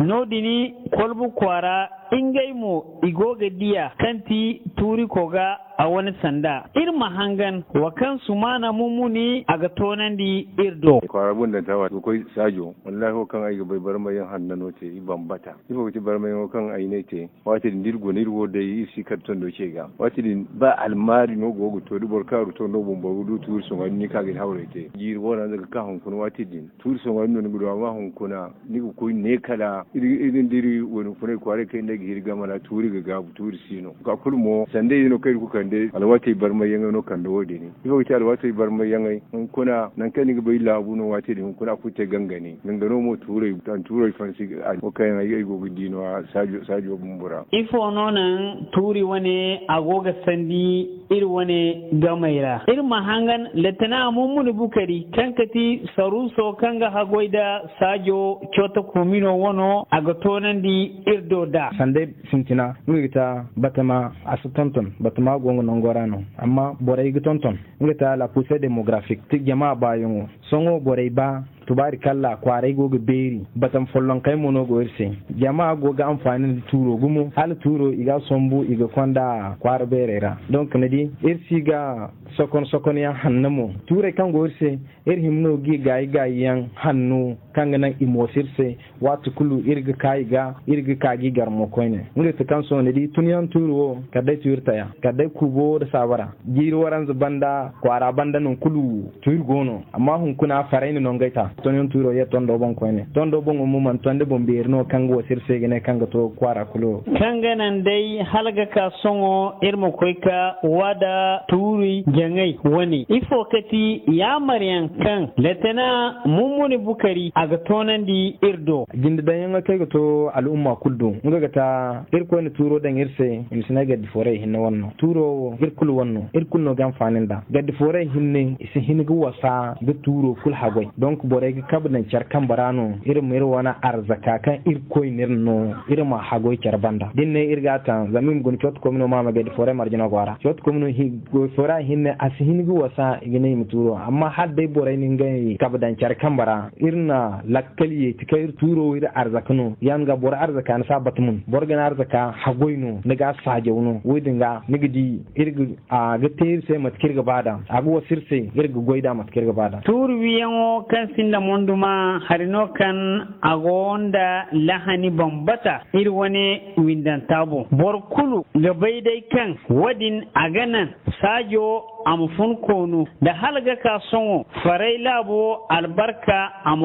J: nodini kolbu kwara in mu mo igoga diya kanti turi koga a wani sanda ir mahangan wa kan su mana mumuni a ga tonan di
K: irdo kwarabun da tawa ko koi sajo wallahi ko kan ayi bai bar mai hannano ce i bata i ko ti bar mai ko kan ayi ne ce wati din dirgo ne ruwo da yi si karton do ce ga wati din ba almari no go go to du bor karu to no bombo du tur so ngani ka ga hawre te jir wona daga ka hon kun wati din tur so ngani no ni gudu ma hon kuna ni ko ne kala irin diri wani kunai kware kai ne ga hirga mana turi ga gabu turi sino ka kulmo sande yino kai ku kande alwata bar mai yanga no kando wode ni yo ta alwata bar mai yanga in kuna nan kani ga bai labu no wate din kuna ku te gangane no mo turai tan turai fansi ko kai na yi gogo dino sajo sajo bumbura
J: ifo nonan turi wane agoga sandi ir wane gamaira ir mahangan latana mumunu bukari kankati saruso kanga hagoida sajo chota kumino wono aga tonandi irdo da
L: ande sintina ngi ta batama asutonton batama gongo nongorano amma borai gitonton ngi ta la poussée démographique ti jama bayongo songo borai ba tubari kalla kwarai goga beri batan follon kai mono go irse jama'a goga amfani da turo gumu hal turo iga sombu iga kwanda kwar berera donc ne di irsi ga sokon sokon ya hannamo ture kan go irse ir himno gi gayi gayi yan hannu kan ganan imosirse watu kulu irga kai ga irga kagi garmo koine ngure ta kan so ne di tuniyan turo kadai tuirta ya kadai kubo da sabara jiri waran banda kwara banda nun kulu tuir gono amma hun kuna farai non gaita ton yon turo ya ton do bon ko ne ton do bon umuman ton de bon bir no kanga wo sirse gene kanga to kwara kulo
J: kanga nan dai halga ka songo irmo koika wada turi jangai wani ifo kati ya maryan kan
L: letena mumuni bukari aga tonan di irdo jinda dan yanga kai to umma kullu nga gata irko ne turo dan irse imsina ga difore hinna wanno turo irkul wanno ir no gam faninda ga difore hinne isi hinne wasa ga turo kul hagoi donc bore regi kabna char kambarano ir mir wana arzaka kan ir koy no ir ma hagoy char banda dinne ir gata zamin gun chot komno ma gedi fore marjina gwara chot komno hi go fora hinne asihin gu wasa igine muturo amma had bay boray ninga kabdan char kambara irna lakkali tikayr turo ir arzakano ga bor arzaka na sabatmun bor gan arzaka hagoyno niga sajewno ga nigdi irgu a gatir se matkirga bada agu wasirse irgu goida matkirga bada
J: turwiyan o kan sinna monduma harino kan agonda lahani bambata iri wani windan tabo borkulu dai kan wadin aganan sajo am fun konu da halga ka son farai labo albarka am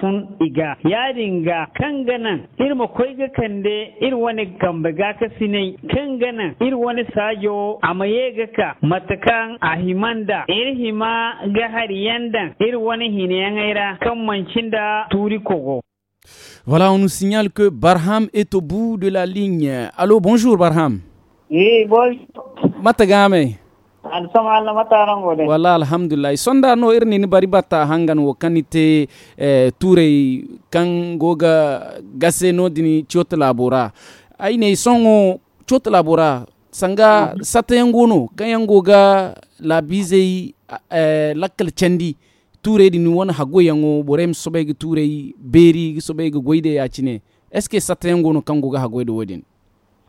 J: fun iga Yaringa, kangana irma koiga kande ir wani gamba ga ka sinai kangana ir wani sajo amaye matakan ahimanda ir hima ga hariyanda ir wani hinayangaira kan da
A: turi kogo Voilà, on signale que Barham est au bout de la ligne. Allô, bonjour Barham.
J: Oui, bonjour.
A: Matagame. an sama alla mataran sonda no ni bari hangan wo kanite eh, ture kan goga gase no dini labora ne songo chota labora sanga mm -hmm. sata kan labizei eh, lakkal dini wona hago yango beri est ce que sata kan goga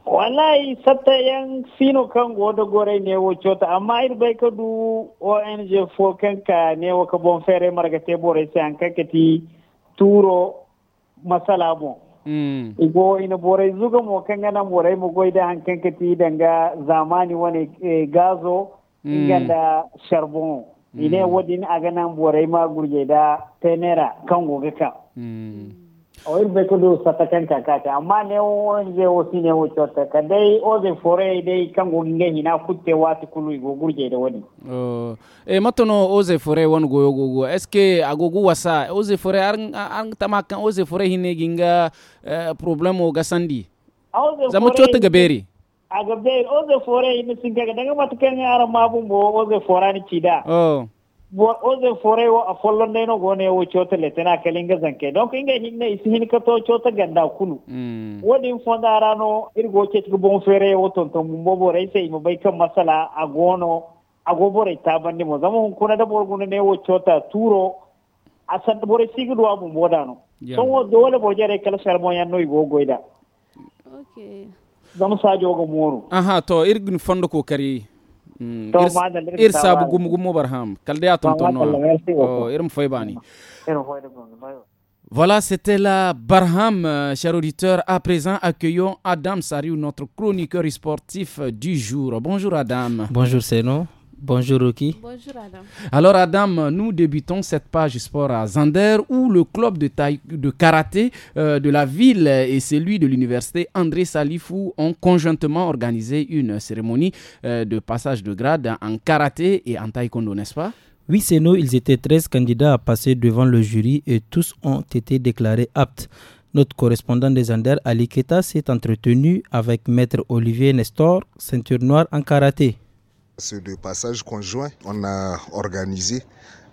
J: wallahi sata yan sino kan godo gore ne wacce ta amma ir bai ka du ONG fo kan ka ne wo ka bon fere marga te bore sai an ti turo masala mo mm go ina bore zuga mo kan gana bore mo goida an kan ti danga zamani wani eh, gazo hmm. inganda charbon ine hmm. wadin aga nan bore ma gurje da tenera kan goga ka
M: mm
J: oil બેકું ka kakata amma ne wonje wosi ne wo chotta ka dai o de fore dai kango nge hina kutte wati kulu go gurje de woni
A: oh e matono o ze fore won go go go eske agogu wasa o ze fore ar ar tamakan o ze fore hine ginga e, probléme o gasandi zamu chotta gaberi
J: agaberi o ze fore ni singa daga matukan ara mabumbo o ze fore ni chida oze fore wa a follon dai no gone wo chota le tena linga zanke donc inga hinne isi hin ka to chota ganda kulu mm. wodin fonda rano irgo chet go bon fere wo ton ton mumbo bore sai mu bai kan masala a gono a go bore ta bande mo zamo hun kuna da gune ne wo chota turo a san bore sigi duwa mu modano so wo dole bo jare kala sarmo yan no igo goida
A: okay zama sajo go moru aha to irgin fondo ko kari Voilà, c'était la Barham, euh, cher auditeur. À présent, accueillons Adam Sariou, notre chroniqueur sportif du jour. Bonjour Adam. Bonjour
N: c'est nous. Bonjour Rocky. Bonjour
F: Adam.
A: Alors Adam, nous débutons cette page sport à Zander où le club de, de karaté euh, de la ville et celui de l'université André Salifou ont conjointement organisé une cérémonie euh, de passage de grade en karaté et en taekwondo,
N: n'est-ce pas Oui, c'est nous, ils étaient 13 candidats à passer devant le jury et tous ont été déclarés aptes. Notre correspondant des Zander, Ali Keta, s'est entretenu avec maître Olivier Nestor, ceinture noire en karaté.
I: C'est passage passage conjoint On a organisé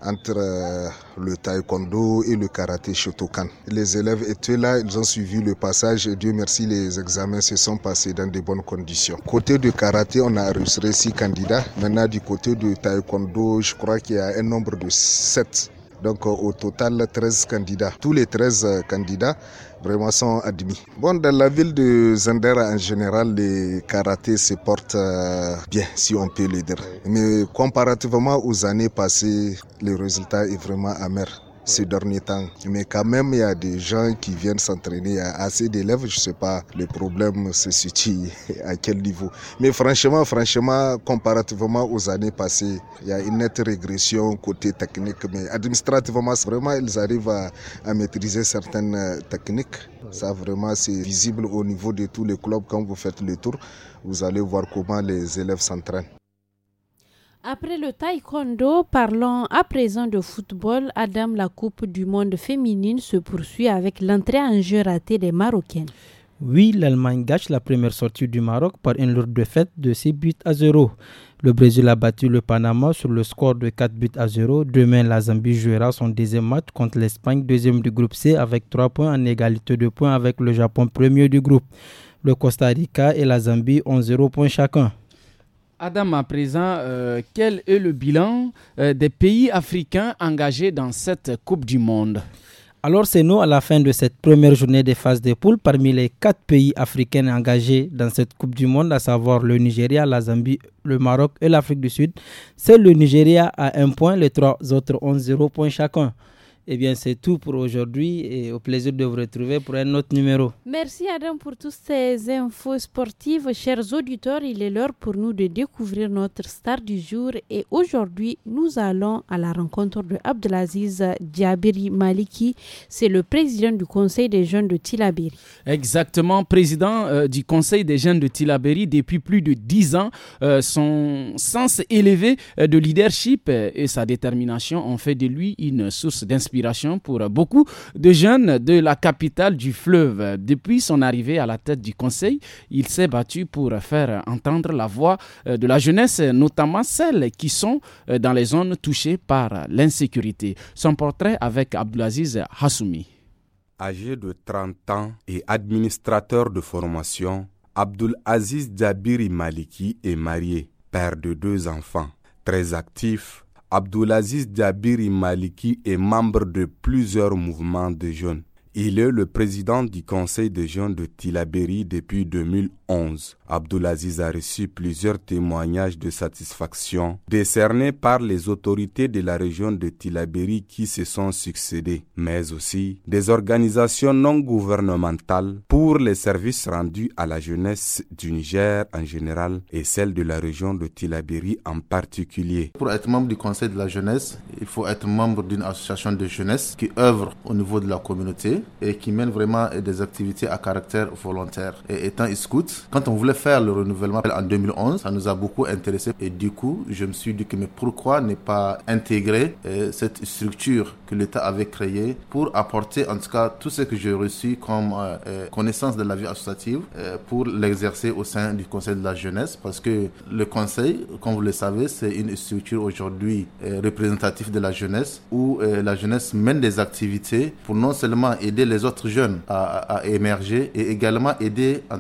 I: entre euh, le taekwondo et le karaté Shotokan. Les élèves étaient là, ils ont suivi le passage et Dieu merci, les examens se sont passés dans de bonnes conditions. Côté de karaté, on a enregistré six candidats. Maintenant, du côté du taekwondo, je crois qu'il y a un nombre de sept. Donc, euh, au total, 13 candidats. Tous les 13 euh, candidats vraiment sont admis. Bon, dans la ville de Zender, en général, les karaté se porte euh, bien, si on peut le dire. Mais comparativement aux années passées, le résultat est vraiment amer ces derniers temps. Mais quand même, il y a des gens qui viennent s'entraîner. Il y a assez d'élèves, je ne sais pas. Le problème se situe à quel niveau. Mais franchement, franchement, comparativement aux années passées, il y a une nette régression côté technique. Mais administrativement, vraiment, ils arrivent à maîtriser certaines euh, techniques. Ça, vraiment, c'est visible au niveau de tous les clubs. Quand vous faites le tour, vous allez voir comment les élèves s'entraînent.
B: Après le taekwondo, parlons à présent de football. Adam, la Coupe du monde féminine se poursuit avec l'entrée en jeu ratée des Marocaines.
N: Oui, l'Allemagne gâche la première sortie du Maroc par une lourde défaite de 6 buts à 0. Le Brésil a battu le Panama sur le score de 4 buts à 0. Demain, la Zambie jouera son deuxième match contre l'Espagne, deuxième du groupe C, avec 3 points en égalité de points avec le Japon, premier du groupe. Le Costa Rica et la Zambie ont 0 points chacun.
A: Adam, à présent, euh, quel est le bilan
N: euh, des pays africains engagés dans cette Coupe du Monde alors c'est nous à la fin de cette première journée des phases de poule parmi les quatre pays africains engagés dans cette Coupe du Monde, à savoir le Nigeria, la Zambie, le Maroc et l'Afrique du Sud. C'est le Nigeria à un point, les trois autres ont zéro point chacun. Eh bien, c'est tout pour aujourd'hui et au plaisir de vous retrouver pour un autre numéro.
B: Merci Adam pour toutes ces infos sportives. Chers auditeurs, il est l'heure pour nous de découvrir notre star du jour et aujourd'hui, nous allons à la rencontre de Abdelaziz Diabiri Maliki. C'est le président du Conseil des jeunes de Tilabiri.
A: Exactement, président euh, du Conseil des jeunes de Tilabiri. depuis plus de dix ans. Euh, son sens élevé euh, de leadership et sa détermination ont fait de lui une source d'inspiration pour beaucoup de jeunes de la capitale du fleuve. Depuis son arrivée à la tête du Conseil, il s'est battu pour faire entendre la voix euh, de la jeunesse, notamment celles qui sont euh, dans les zones touchées par l'insécurité. Son portrait avec Abdulaziz Hassoumi.
O: Âgé de 30 ans et administrateur de formation, Abdulaziz Aziz Maliki est marié, père de deux enfants. Très actif, Abdulaziz Jabiri Maliki est membre de plusieurs mouvements de jeunes. Il est le président du Conseil des jeunes de Tilaberi depuis 2011. Abdulaziz a reçu plusieurs témoignages de satisfaction décernés par les autorités de la région de Tilaberi qui se sont succédés, mais aussi des organisations non gouvernementales pour les services rendus à la jeunesse du Niger en général et celle de la région de Tilaberi en particulier.
P: Pour être membre du Conseil de la jeunesse, il faut être membre d'une association de jeunesse qui œuvre au niveau de la communauté et qui mène vraiment des activités à caractère volontaire. Et étant scout, quand on voulait faire le renouvellement en 2011, ça nous a beaucoup intéressé et du coup, je me suis dit que mais pourquoi ne pas intégrer euh, cette structure que l'État avait créée pour apporter en tout cas tout ce que j'ai reçu comme euh, euh, connaissance de la vie associative pour l'exercer au sein du Conseil de la jeunesse parce que le Conseil, comme vous le savez, c'est une structure aujourd'hui représentative de la jeunesse où la jeunesse mène des activités pour non seulement aider les autres jeunes à, émerger et également aider en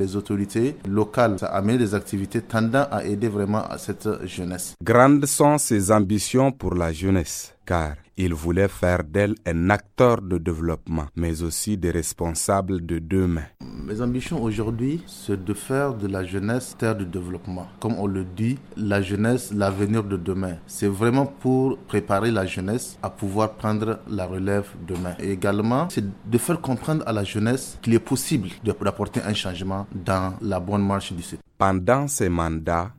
P: les autorités locales à amener des activités tendant à aider vraiment cette jeunesse.
O: Grandes sont ses ambitions pour la jeunesse, car il voulait faire d'elle un acteur de développement, mais aussi des responsables de demain.
P: Mes ambitions aujourd'hui, c'est de faire de la jeunesse terre de développement. Comme on le dit, la jeunesse, l'avenir de demain. C'est vraiment pour préparer la jeunesse à pouvoir prendre la relève demain. Et également, c'est de faire comprendre à la jeunesse qu'il est possible d'apporter un changement dans la bonne
O: marche du site. Pendant ses mandats,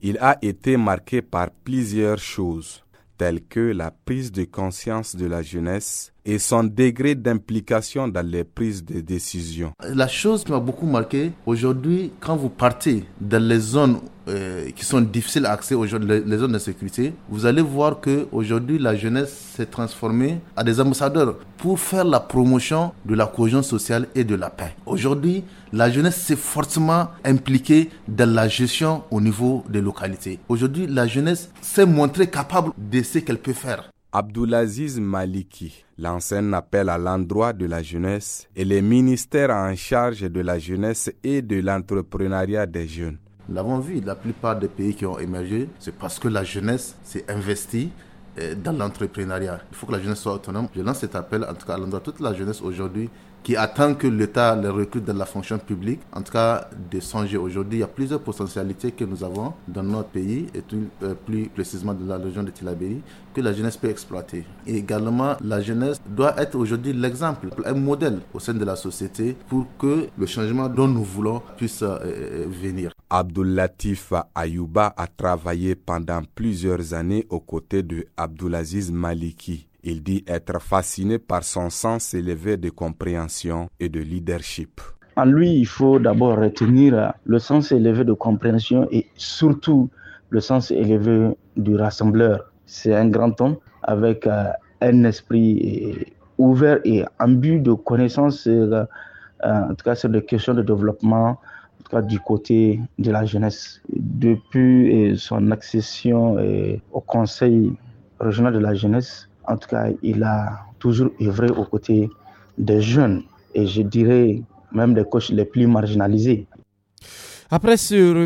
O: il a été marqué par plusieurs choses telle que la prise de conscience de la jeunesse, et son degré
P: d'implication dans les prises de décision. La chose qui m'a beaucoup marqué, aujourd'hui, quand vous partez dans les zones euh, qui sont difficiles à accès, aujourd'hui, les zones de sécurité, vous allez voir que aujourd'hui la jeunesse s'est transformée à des ambassadeurs pour faire la promotion de la cohésion sociale et de la paix. Aujourd'hui, la jeunesse s'est fortement impliquée dans la gestion au niveau des localités. Aujourd'hui, la jeunesse s'est montrée
O: capable de ce qu'elle peut faire. Abdulaziz Maliki lance un appel à l'endroit de la jeunesse et les ministères en charge de la jeunesse et de l'entrepreneuriat
P: des jeunes. Nous l'avons vu, la plupart des pays qui ont émergé, c'est parce que la jeunesse s'est investie eh, dans l'entrepreneuriat. Il faut que la jeunesse soit autonome. Je lance cet appel, en tout cas à l'endroit de toute la jeunesse aujourd'hui qui attend que l'État les recrute dans la fonction publique, en tout cas de songer aujourd'hui. Il y a plusieurs potentialités que nous avons dans notre pays, et euh, plus précisément dans la région de Tilabéry, que la jeunesse peut exploiter. Et également, la jeunesse doit être aujourd'hui l'exemple, un modèle au sein de la société pour que le changement dont nous voulons puisse euh, euh,
O: venir. Abdoulatif Ayouba a travaillé pendant plusieurs années aux côtés de Abdulaziz Maliki. Il dit être fasciné par son sens élevé de compréhension et de leadership.
A: En lui, il faut d'abord retenir le sens élevé de compréhension et surtout le sens élevé du rassembleur. C'est un grand homme avec euh, un esprit euh, ouvert et ambu de connaissances, euh, en tout cas sur des questions de développement, en tout cas du côté de la jeunesse. Depuis son accession au Conseil régional de la jeunesse, en tout cas, il a toujours œuvré aux côtés des jeunes et je dirais même des coachs les plus marginalisés. Après ce,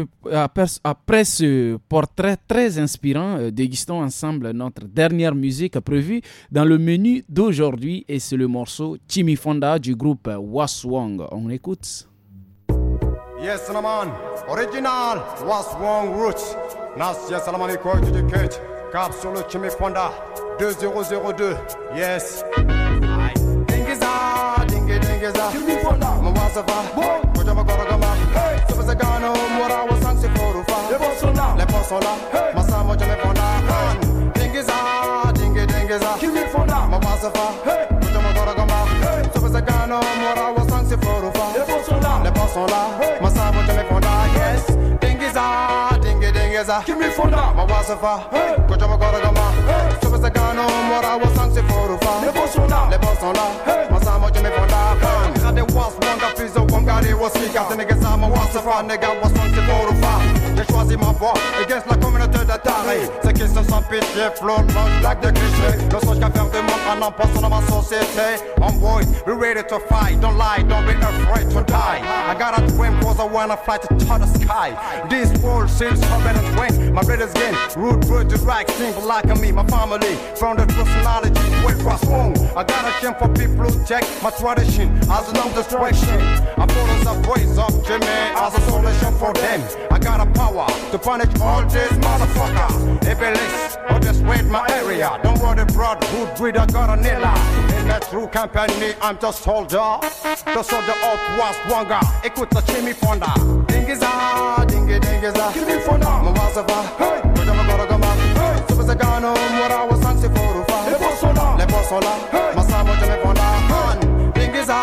A: portrait très inspirant, euh, dégustons ensemble notre dernière musique prévue dans le menu d'aujourd'hui et c'est le morceau Timmy Fonda du groupe euh, Waswang. On écoute.
Q: Yes, Salaman, original Waswang Roots. Nas, yes, Cap sur le Chimekwanda 2002. Yes. dingi dingiza. Chimekwanda. Mwaza va. Kujama gorogama. Hey. Sebeza gano mwara wa sanse korufa. Leposola. Leposola. Hey. Masa moja meponda. Hey. Hey. Kujama gorogama. Hey. Hey. Yes. Dingiza. Give me my thunder Mawasafa Hey Kuchama Goragama Hey pas non mora wa sang se foro fa Les boss sont là Les boss sont là Masama je me font là Nigga they was wanga plus au wanga they was nigga Ces niggas sama was se fa nigga wa sang se foro fa J'ai choisi ma voix against la communauté d'Atari Ces questions sans pitié flotte dans lac de cliché. Le songe qu'à faire de moi en en pensant dans ma société Homeboy, we ready to fight Don't lie, don't be afraid to die I got a dream cause I wanna fly to the sky This world seems so and twin My brother's game, root, root, to right, simple like me, my family from the personality where was wrong. I got a shame for people who check my tradition as an destruction. I photos of voice of Jimmy as a solution for them. I got a power to punish all these motherfuckers. Iblis, or just wait my area. Don't worry, broad hood with a nilla. In the true company, I'm just soldier. The soldier of was wanga. Ikuta chimi fonda. Dingiza, dingy dingiza. Give me fonda. Mawazawa, non mora wa sanse korufa le posola le posola hey. masambo jame fonda han dingiza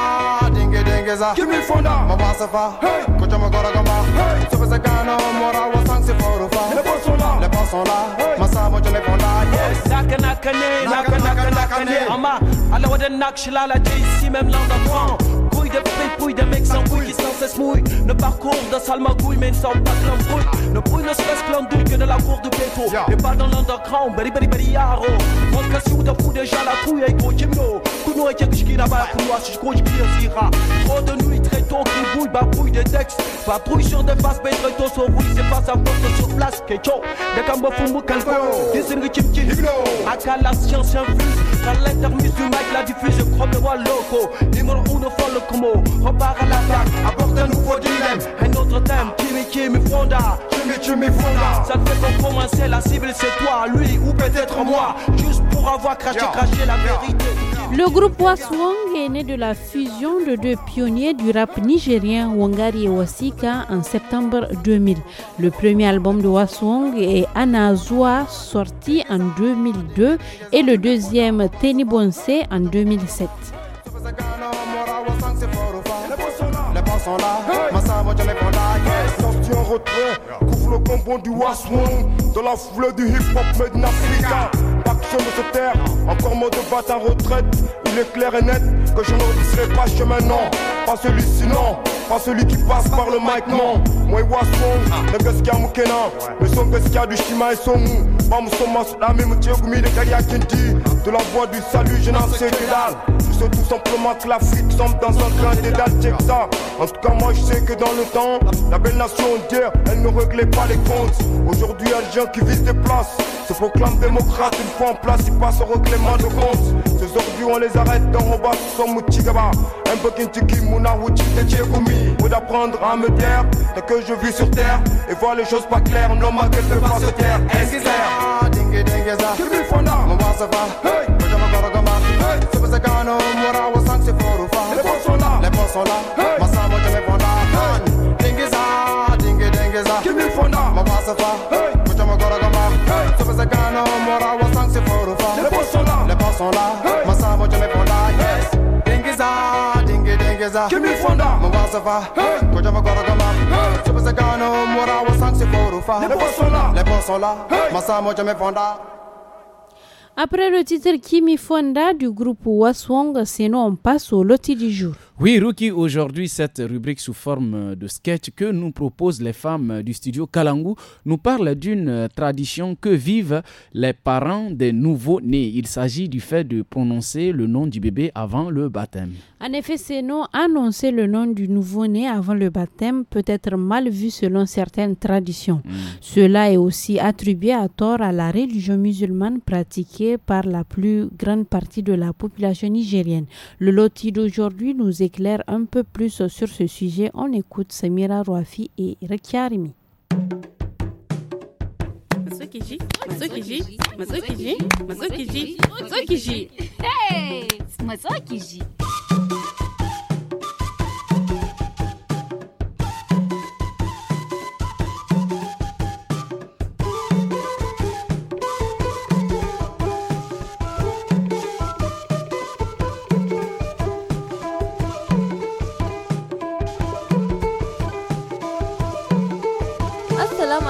Q: dingi dingiza give me fonda mabasafa hey kocha magora gamba hey sobe sakano mora wa sanse korufa le posola le posola hey. masambo jame fonda yes naka
E: naka ne naka naka naka ne ama ala wadan nakshilala jisi mem langa des pépouilles, des mecs sans couilles qui sans cesse mouillent. Ne parcours d'un sale magouille, mais ne sont pas que l'embrouille. Ne brouille ne serait-ce que l'andouille que de la cour du ghetto. Et pas dans l'underground, beri beri beri yaro. Podcast de fou déjà la trouille avec vos chimio. Kuno et Kekishki là-bas, couloir, si je gros, je zira. Trop de nuit, très tôt, qui bouille, barbouille des textes. Patrouille sur des faces, mais très tôt, sur vous, c'est pas sa porte sur place. Kecho, des cambo fumu calvo, des enrichim à Akala science infuse. La lettre du mic, la diffuse, je crois moi loco. Numéro uno le como, repart à l'attaque, apporte un nouveau dilemme. Un autre thème, Kimi Kimi Fonda, Kimi Kimi Fonda. Ça te fait qu'on commencer, la cible c'est toi, lui ou peut-être moi. Juste pour avoir craché, craché la vérité.
B: Le groupe Waswong est né de la fusion de deux pionniers du rap nigérien Wangari et Wasika en septembre 2000. Le premier album de Waswong est Zoua sorti en 2002 et le deuxième Teni en 2007
Q: de se Encore mot de battre en retraite, il est clair et net que je ne retisserai pas chemin, non. Pas celui sinon Pas celui qui passe par le mic, non. Moi, et Wasson, le Gaskia Mukena, le son Gaskia du Shima et son mou Bam, Soma, la même de Kaya Kinti. De la voix du salut, je n'en sais que dalle tout simplement que la fuite semble dans un train d'état En tout cas, moi je sais que dans le temps, la belle nation d'hier, elle ne réglait pas les comptes. Aujourd'hui, un gens qui vise des places se proclame démocrate. Une fois en place, il passe au règlement de compte. Ces ordures, on les arrête dans Sous son Moutigaba. Un peu Kintiki, Mouna, Wuchi, Tchekumi. Faut d'apprendre à me taire, tant que je vis sur terre et vois les choses pas claires. Non, ma gueule ne pas se terre Est-ce clair? Ah, dingue, dingue, ça. Ah. ça va. Hey! se gano mora wa sang le posola le posola masa mo fonda kan dingiza dingi dingiza give me fonda ma fa mo chama gora gamba so mora wa sang le posola le posola masa mo fonda yes dingiza dingi dingiza give me fonda ma fa mo chama gora gamba so mora wa sang le posola le posola masa mo fonda
B: Après le titre Kimi Fonda du groupe Waswang, sinon on passe au loti du jour.
A: Oui, Ruki, aujourd'hui, cette rubrique sous forme euh, de sketch que nous proposent les femmes euh, du studio Kalangu nous parle d'une euh, tradition que vivent les parents des nouveaux-nés. Il s'agit du fait de prononcer le nom du bébé avant le baptême.
B: En effet, ces noms, annoncer le nom du nouveau-né avant le baptême peut être mal vu selon certaines traditions. Mm. Cela est aussi attribué à tort à la religion musulmane pratiquée par la plus grande partie de la population nigérienne. Le loti d'aujourd'hui nous est clair un peu plus sur ce sujet, on écoute Samira Rouafi et Rekiarimi.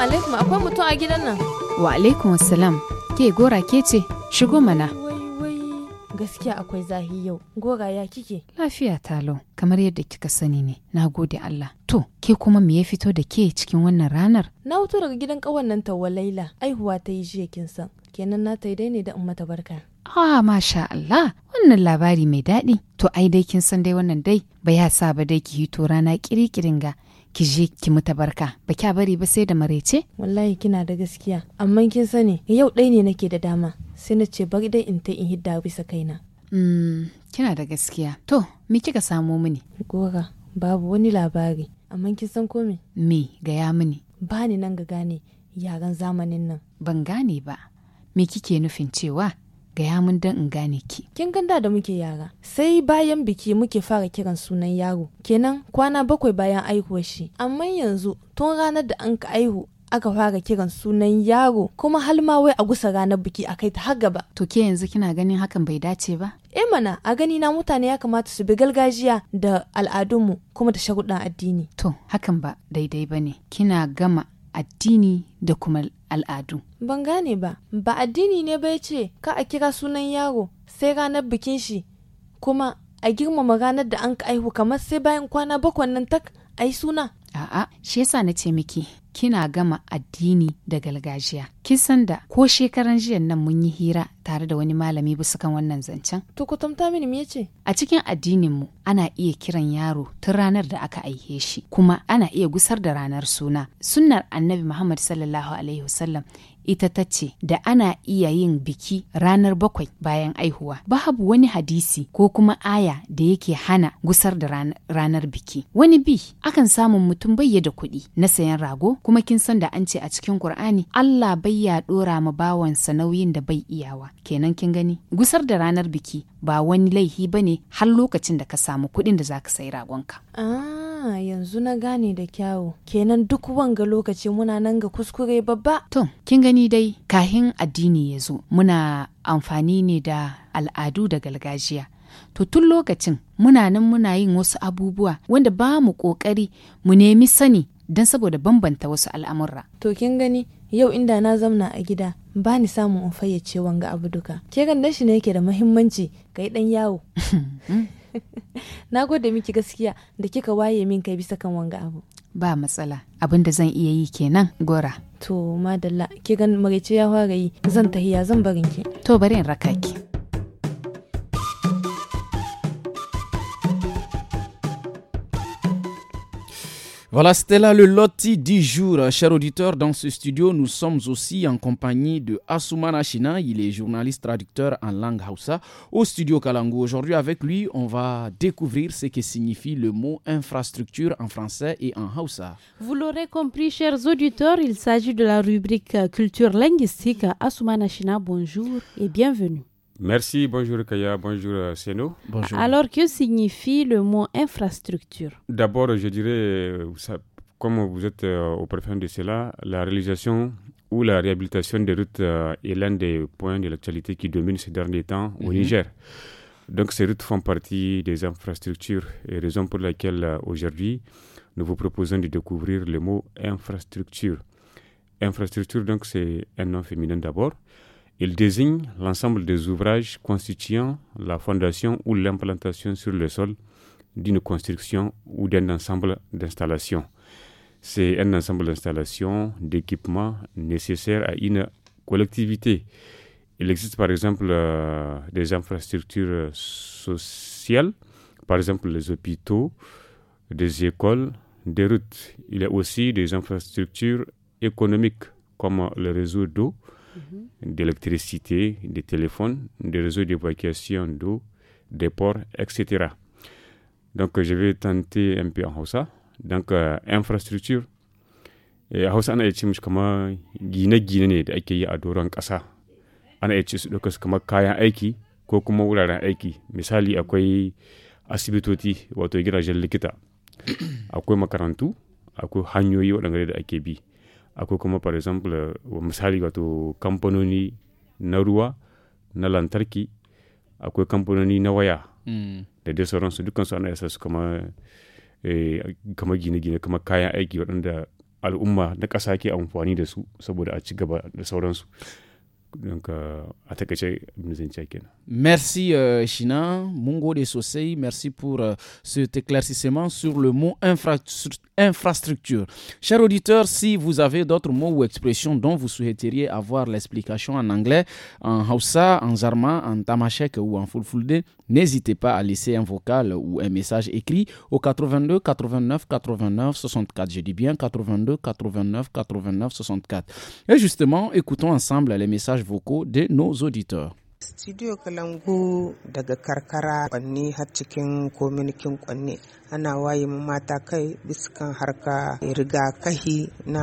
R: alaikum akwai mutum a gidan nan.
M: Wa alaikum assalam ke gora ke ce shigo mana.
R: gaskiya akwai zahi yau gora ya kike
M: lafiya talo kamar yadda kika sani ne na gode Allah to ke kuma me ya fito da ke cikin wannan ranar
R: na wuto daga gidan kawan nan tawa laila aihuwa ta yi jiya kin san kenan na ta yi ne da mata barka
M: ah masha Allah wannan labari mai daɗi to ai dai kin san dai wannan dai ba ya sa ba dai ki hito rana kirkirin ga ki je ki mu barka. ba kya bari ba sai da marece wallahi kina
R: da gaskiya amma kin sani yau ɗaya ne nake da dama sai na ce bari dai in ta in hidda bisa kaina mm, kina da gaskiya to me kika samo mini gora babu wani labari amma kin san ko me me gaya mini bani nan ga gane yaran zamanin nan ban gane ba
M: me kike nufin cewa gaya mun dan in gane ki.
R: Kin ganda da muke yara, sai bayan biki muke fara kiran sunan yaro, kenan kwana bakwai bayan aihuwar shi. Amma yanzu tun ranar da an ka aihu aka fara kiran sunan yaro kuma har ma wai a gusa ranar biki a kai ta har gaba. To ke yanzu kina ganin hakan bai dace ba? E mana a gani na mutane ya kamata su bi galgajiya da al'adunmu kuma da sharuɗan addini. To hakan ba daidai ba ne.
M: Kina gama addini da kuma al'adu.
R: Ban gane ba, ba addini ne bai ce ka a kira sunan yaro sai ranar bikin shi kuma a girmama ranar da an ka aihu kamar sai bayan kwana bakwai nan tak a yi suna.
M: A'a, shi yasa na ce miki kina gama addini da gargajiya kisan da ko shekaran jiya nan mun yi hira tare da wani malami bisa kan wannan zancen
R: to ku tamta mini me ce
M: a cikin addinin mu ana iya kiran yaro tun ranar da aka aihe shi kuma ana iya gusar da ranar suna sunnar annabi muhammad sallallahu alaihi wasallam ita ta ce da ana iya yin biki ranar bakwai bayan aihuwa babu wani hadisi ko kuma aya da yake hana gusar da ranar, biki wani bi akan samun mutum bayya da kuɗi na sayan rago kuma kin san da an ce a cikin qur'ani Allah bai ya dora ma bawansa nauyin da bai iyawa kenan kin gani gusar da ranar biki ba wani laifi ba ne har lokacin da ka samu kuɗin da za ka sayi ragonka.
R: Ah, yanzu na gane da kyawu. Kenan duk wanga lokaci muna nan ga kuskure babba. To, kin gani dai
M: kahin addini ya zo muna amfani ne da al'adu da gargajiya. To tun lokacin muna nan muna yin wasu abubuwa wanda ba mu ƙoƙari mu nemi sani don saboda bambanta wasu al'amurra.
R: To kin gani yau inda na zamna a gida ba ni samun in fayyace wanga abu duka ke gandan shi ne yake da muhimmanci kai dan yawo na gode miki gaskiya da kika waye min kai bisa kan wanga abu ba matsala
M: abin da zan iya yi kenan gora
R: to madalla ke gan maraice ya fara yi zan tahiya zan barin to bari in raka ki
A: Voilà, c'était là le loti du jour. Chers auditeurs, dans ce studio, nous sommes aussi en compagnie de Asumana Il est journaliste traducteur en langue Hausa au studio Kalangu. Aujourd'hui, avec lui, on va découvrir ce que signifie le mot infrastructure en français et en Hausa.
B: Vous l'aurez compris, chers auditeurs, il s'agit de la rubrique culture linguistique. Asuman Ashina, bonjour et bienvenue.
K: Merci, bonjour Kaya, bonjour euh, Seno.
B: Alors, que signifie le mot infrastructure
K: D'abord, je dirais, euh, comme vous êtes euh, au préfet de cela, la réalisation ou la réhabilitation des routes est l'un des points de l'actualité qui domine ces derniers temps au mhm. Niger. Donc ces routes font partie des infrastructures et raison pour laquelle aujourd'hui nous vous proposons de découvrir le mot infrastructure. Infrastructure, donc c'est un nom féminin d'abord, il désigne l'ensemble des ouvrages constituant la fondation ou l'implantation sur le sol d'une construction ou d'un ensemble d'installations. C'est un ensemble d'installations, d'équipements nécessaires à une collectivité. Il existe par exemple euh, des infrastructures sociales, par exemple les hôpitaux, des écoles, des routes. Il y a aussi des infrastructures économiques comme le réseau d'eau, Mm-hmm. d'électricité, des téléphones, des réseaux d'évacuation d'eau, des ports, etc. Donc, je vais tenter un peu en Hausa. Donc, euh, infrastructure. Eh, Hausa ana iya ce mishi kama guinée gine ne da ake yi a doron a Ana iya ce su ɗauka su kama kayan aiki ko kuma wuraren aiki. Misali akwai asibitoti wato quoi? likita. akwai makarantu, akwai hanyoyi waɗanda da a bi. akwai kuma for example misali wato kamfanoni na ruwa na lantarki akwai kamfanoni na waya hmm. da dai sauransu dukansu ana yasa su kama eh, kama gine-gine kama kayan aiki waɗanda al'umma na ƙasa ke amfani da su saboda a ci gaba da sauransu Donc, euh,
A: Merci euh, China, Mungo de Sosei, merci pour euh, cet éclaircissement sur le mot infrastructure. infrastructure. Chers auditeurs, si vous avez d'autres mots ou expressions dont vous souhaiteriez avoir l'explication en anglais, en Hausa, en Zarma, en Tamashek ou en Fulfulde, n'hésitez pas à laisser un vocal ou un message écrit au 82 89 89 64. Je dis bien 82 89 89 64. Et justement, écoutons ensemble les messages messages vocaux de nos auditeurs.
C: studio kalangu daga karkara kwanni har cikin kominikin kwanni ana waye mu mata kai biskan harka rigakahi na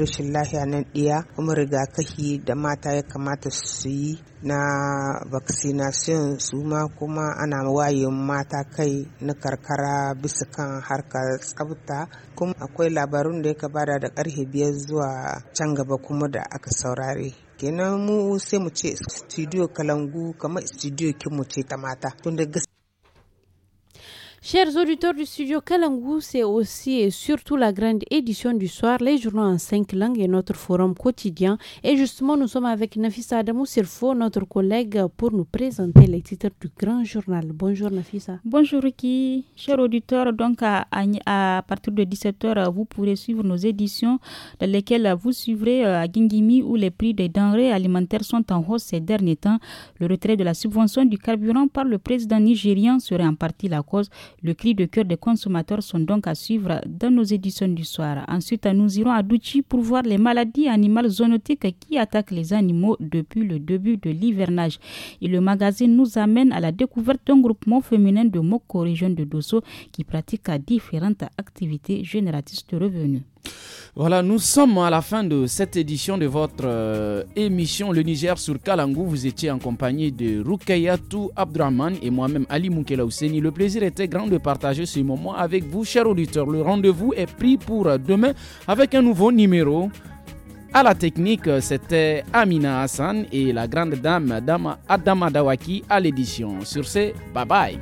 C: rashin lahiya na ɗiya kuma rigakahi da mata ya kamata su yi na vaccination su ma kuma ana waye mata kai na karkara bisa kan harka tsabta kuma akwai labarun da ya bada da karhe biyar zuwa can gaba kuma da aka saurare kenan mu sai mu ce studio kalangu kamar studio kin mu ce ta mata tun da gaskiya
B: Chers auditeurs du studio Kalangou, c'est aussi et surtout la grande édition du soir, les journaux en cinq langues et notre forum quotidien. Et justement, nous sommes avec Nafisa Adamou Sirfo, notre collègue, pour nous présenter les titres du grand journal. Bonjour Nafisa. Bonjour Ricky. Chers auditeurs, donc à, partir de 17h, vous pourrez suivre nos éditions dans lesquelles vous suivrez euh, à Gingimi où les prix des denrées alimentaires sont en hausse ces derniers temps. Le retrait de la subvention du carburant par le président nigérien serait en partie la cause le cri de cœur des consommateurs sont donc à suivre dans nos éditions du soir. Ensuite, nous irons à Douchi pour voir les maladies animales zoonotiques qui attaquent les animaux depuis le début de l'hivernage. Et le magazine nous amène à la découverte d'un groupement féminin de Moko, région de Dosso, qui pratique différentes activités génératrices de revenus.
A: Voilà, nous sommes à la fin de cette édition de votre euh, émission Le Niger sur Kalangou. Vous étiez en compagnie de Rukayatou Abdraman et moi-même Ali Moukela Le plaisir était grand de partager ce moment avec vous, chers auditeurs. Le rendez-vous est pris pour demain avec un nouveau numéro. À la technique, c'était Amina Hassan et la grande dame Adama Dawaki à l'édition. Sur ce, bye bye.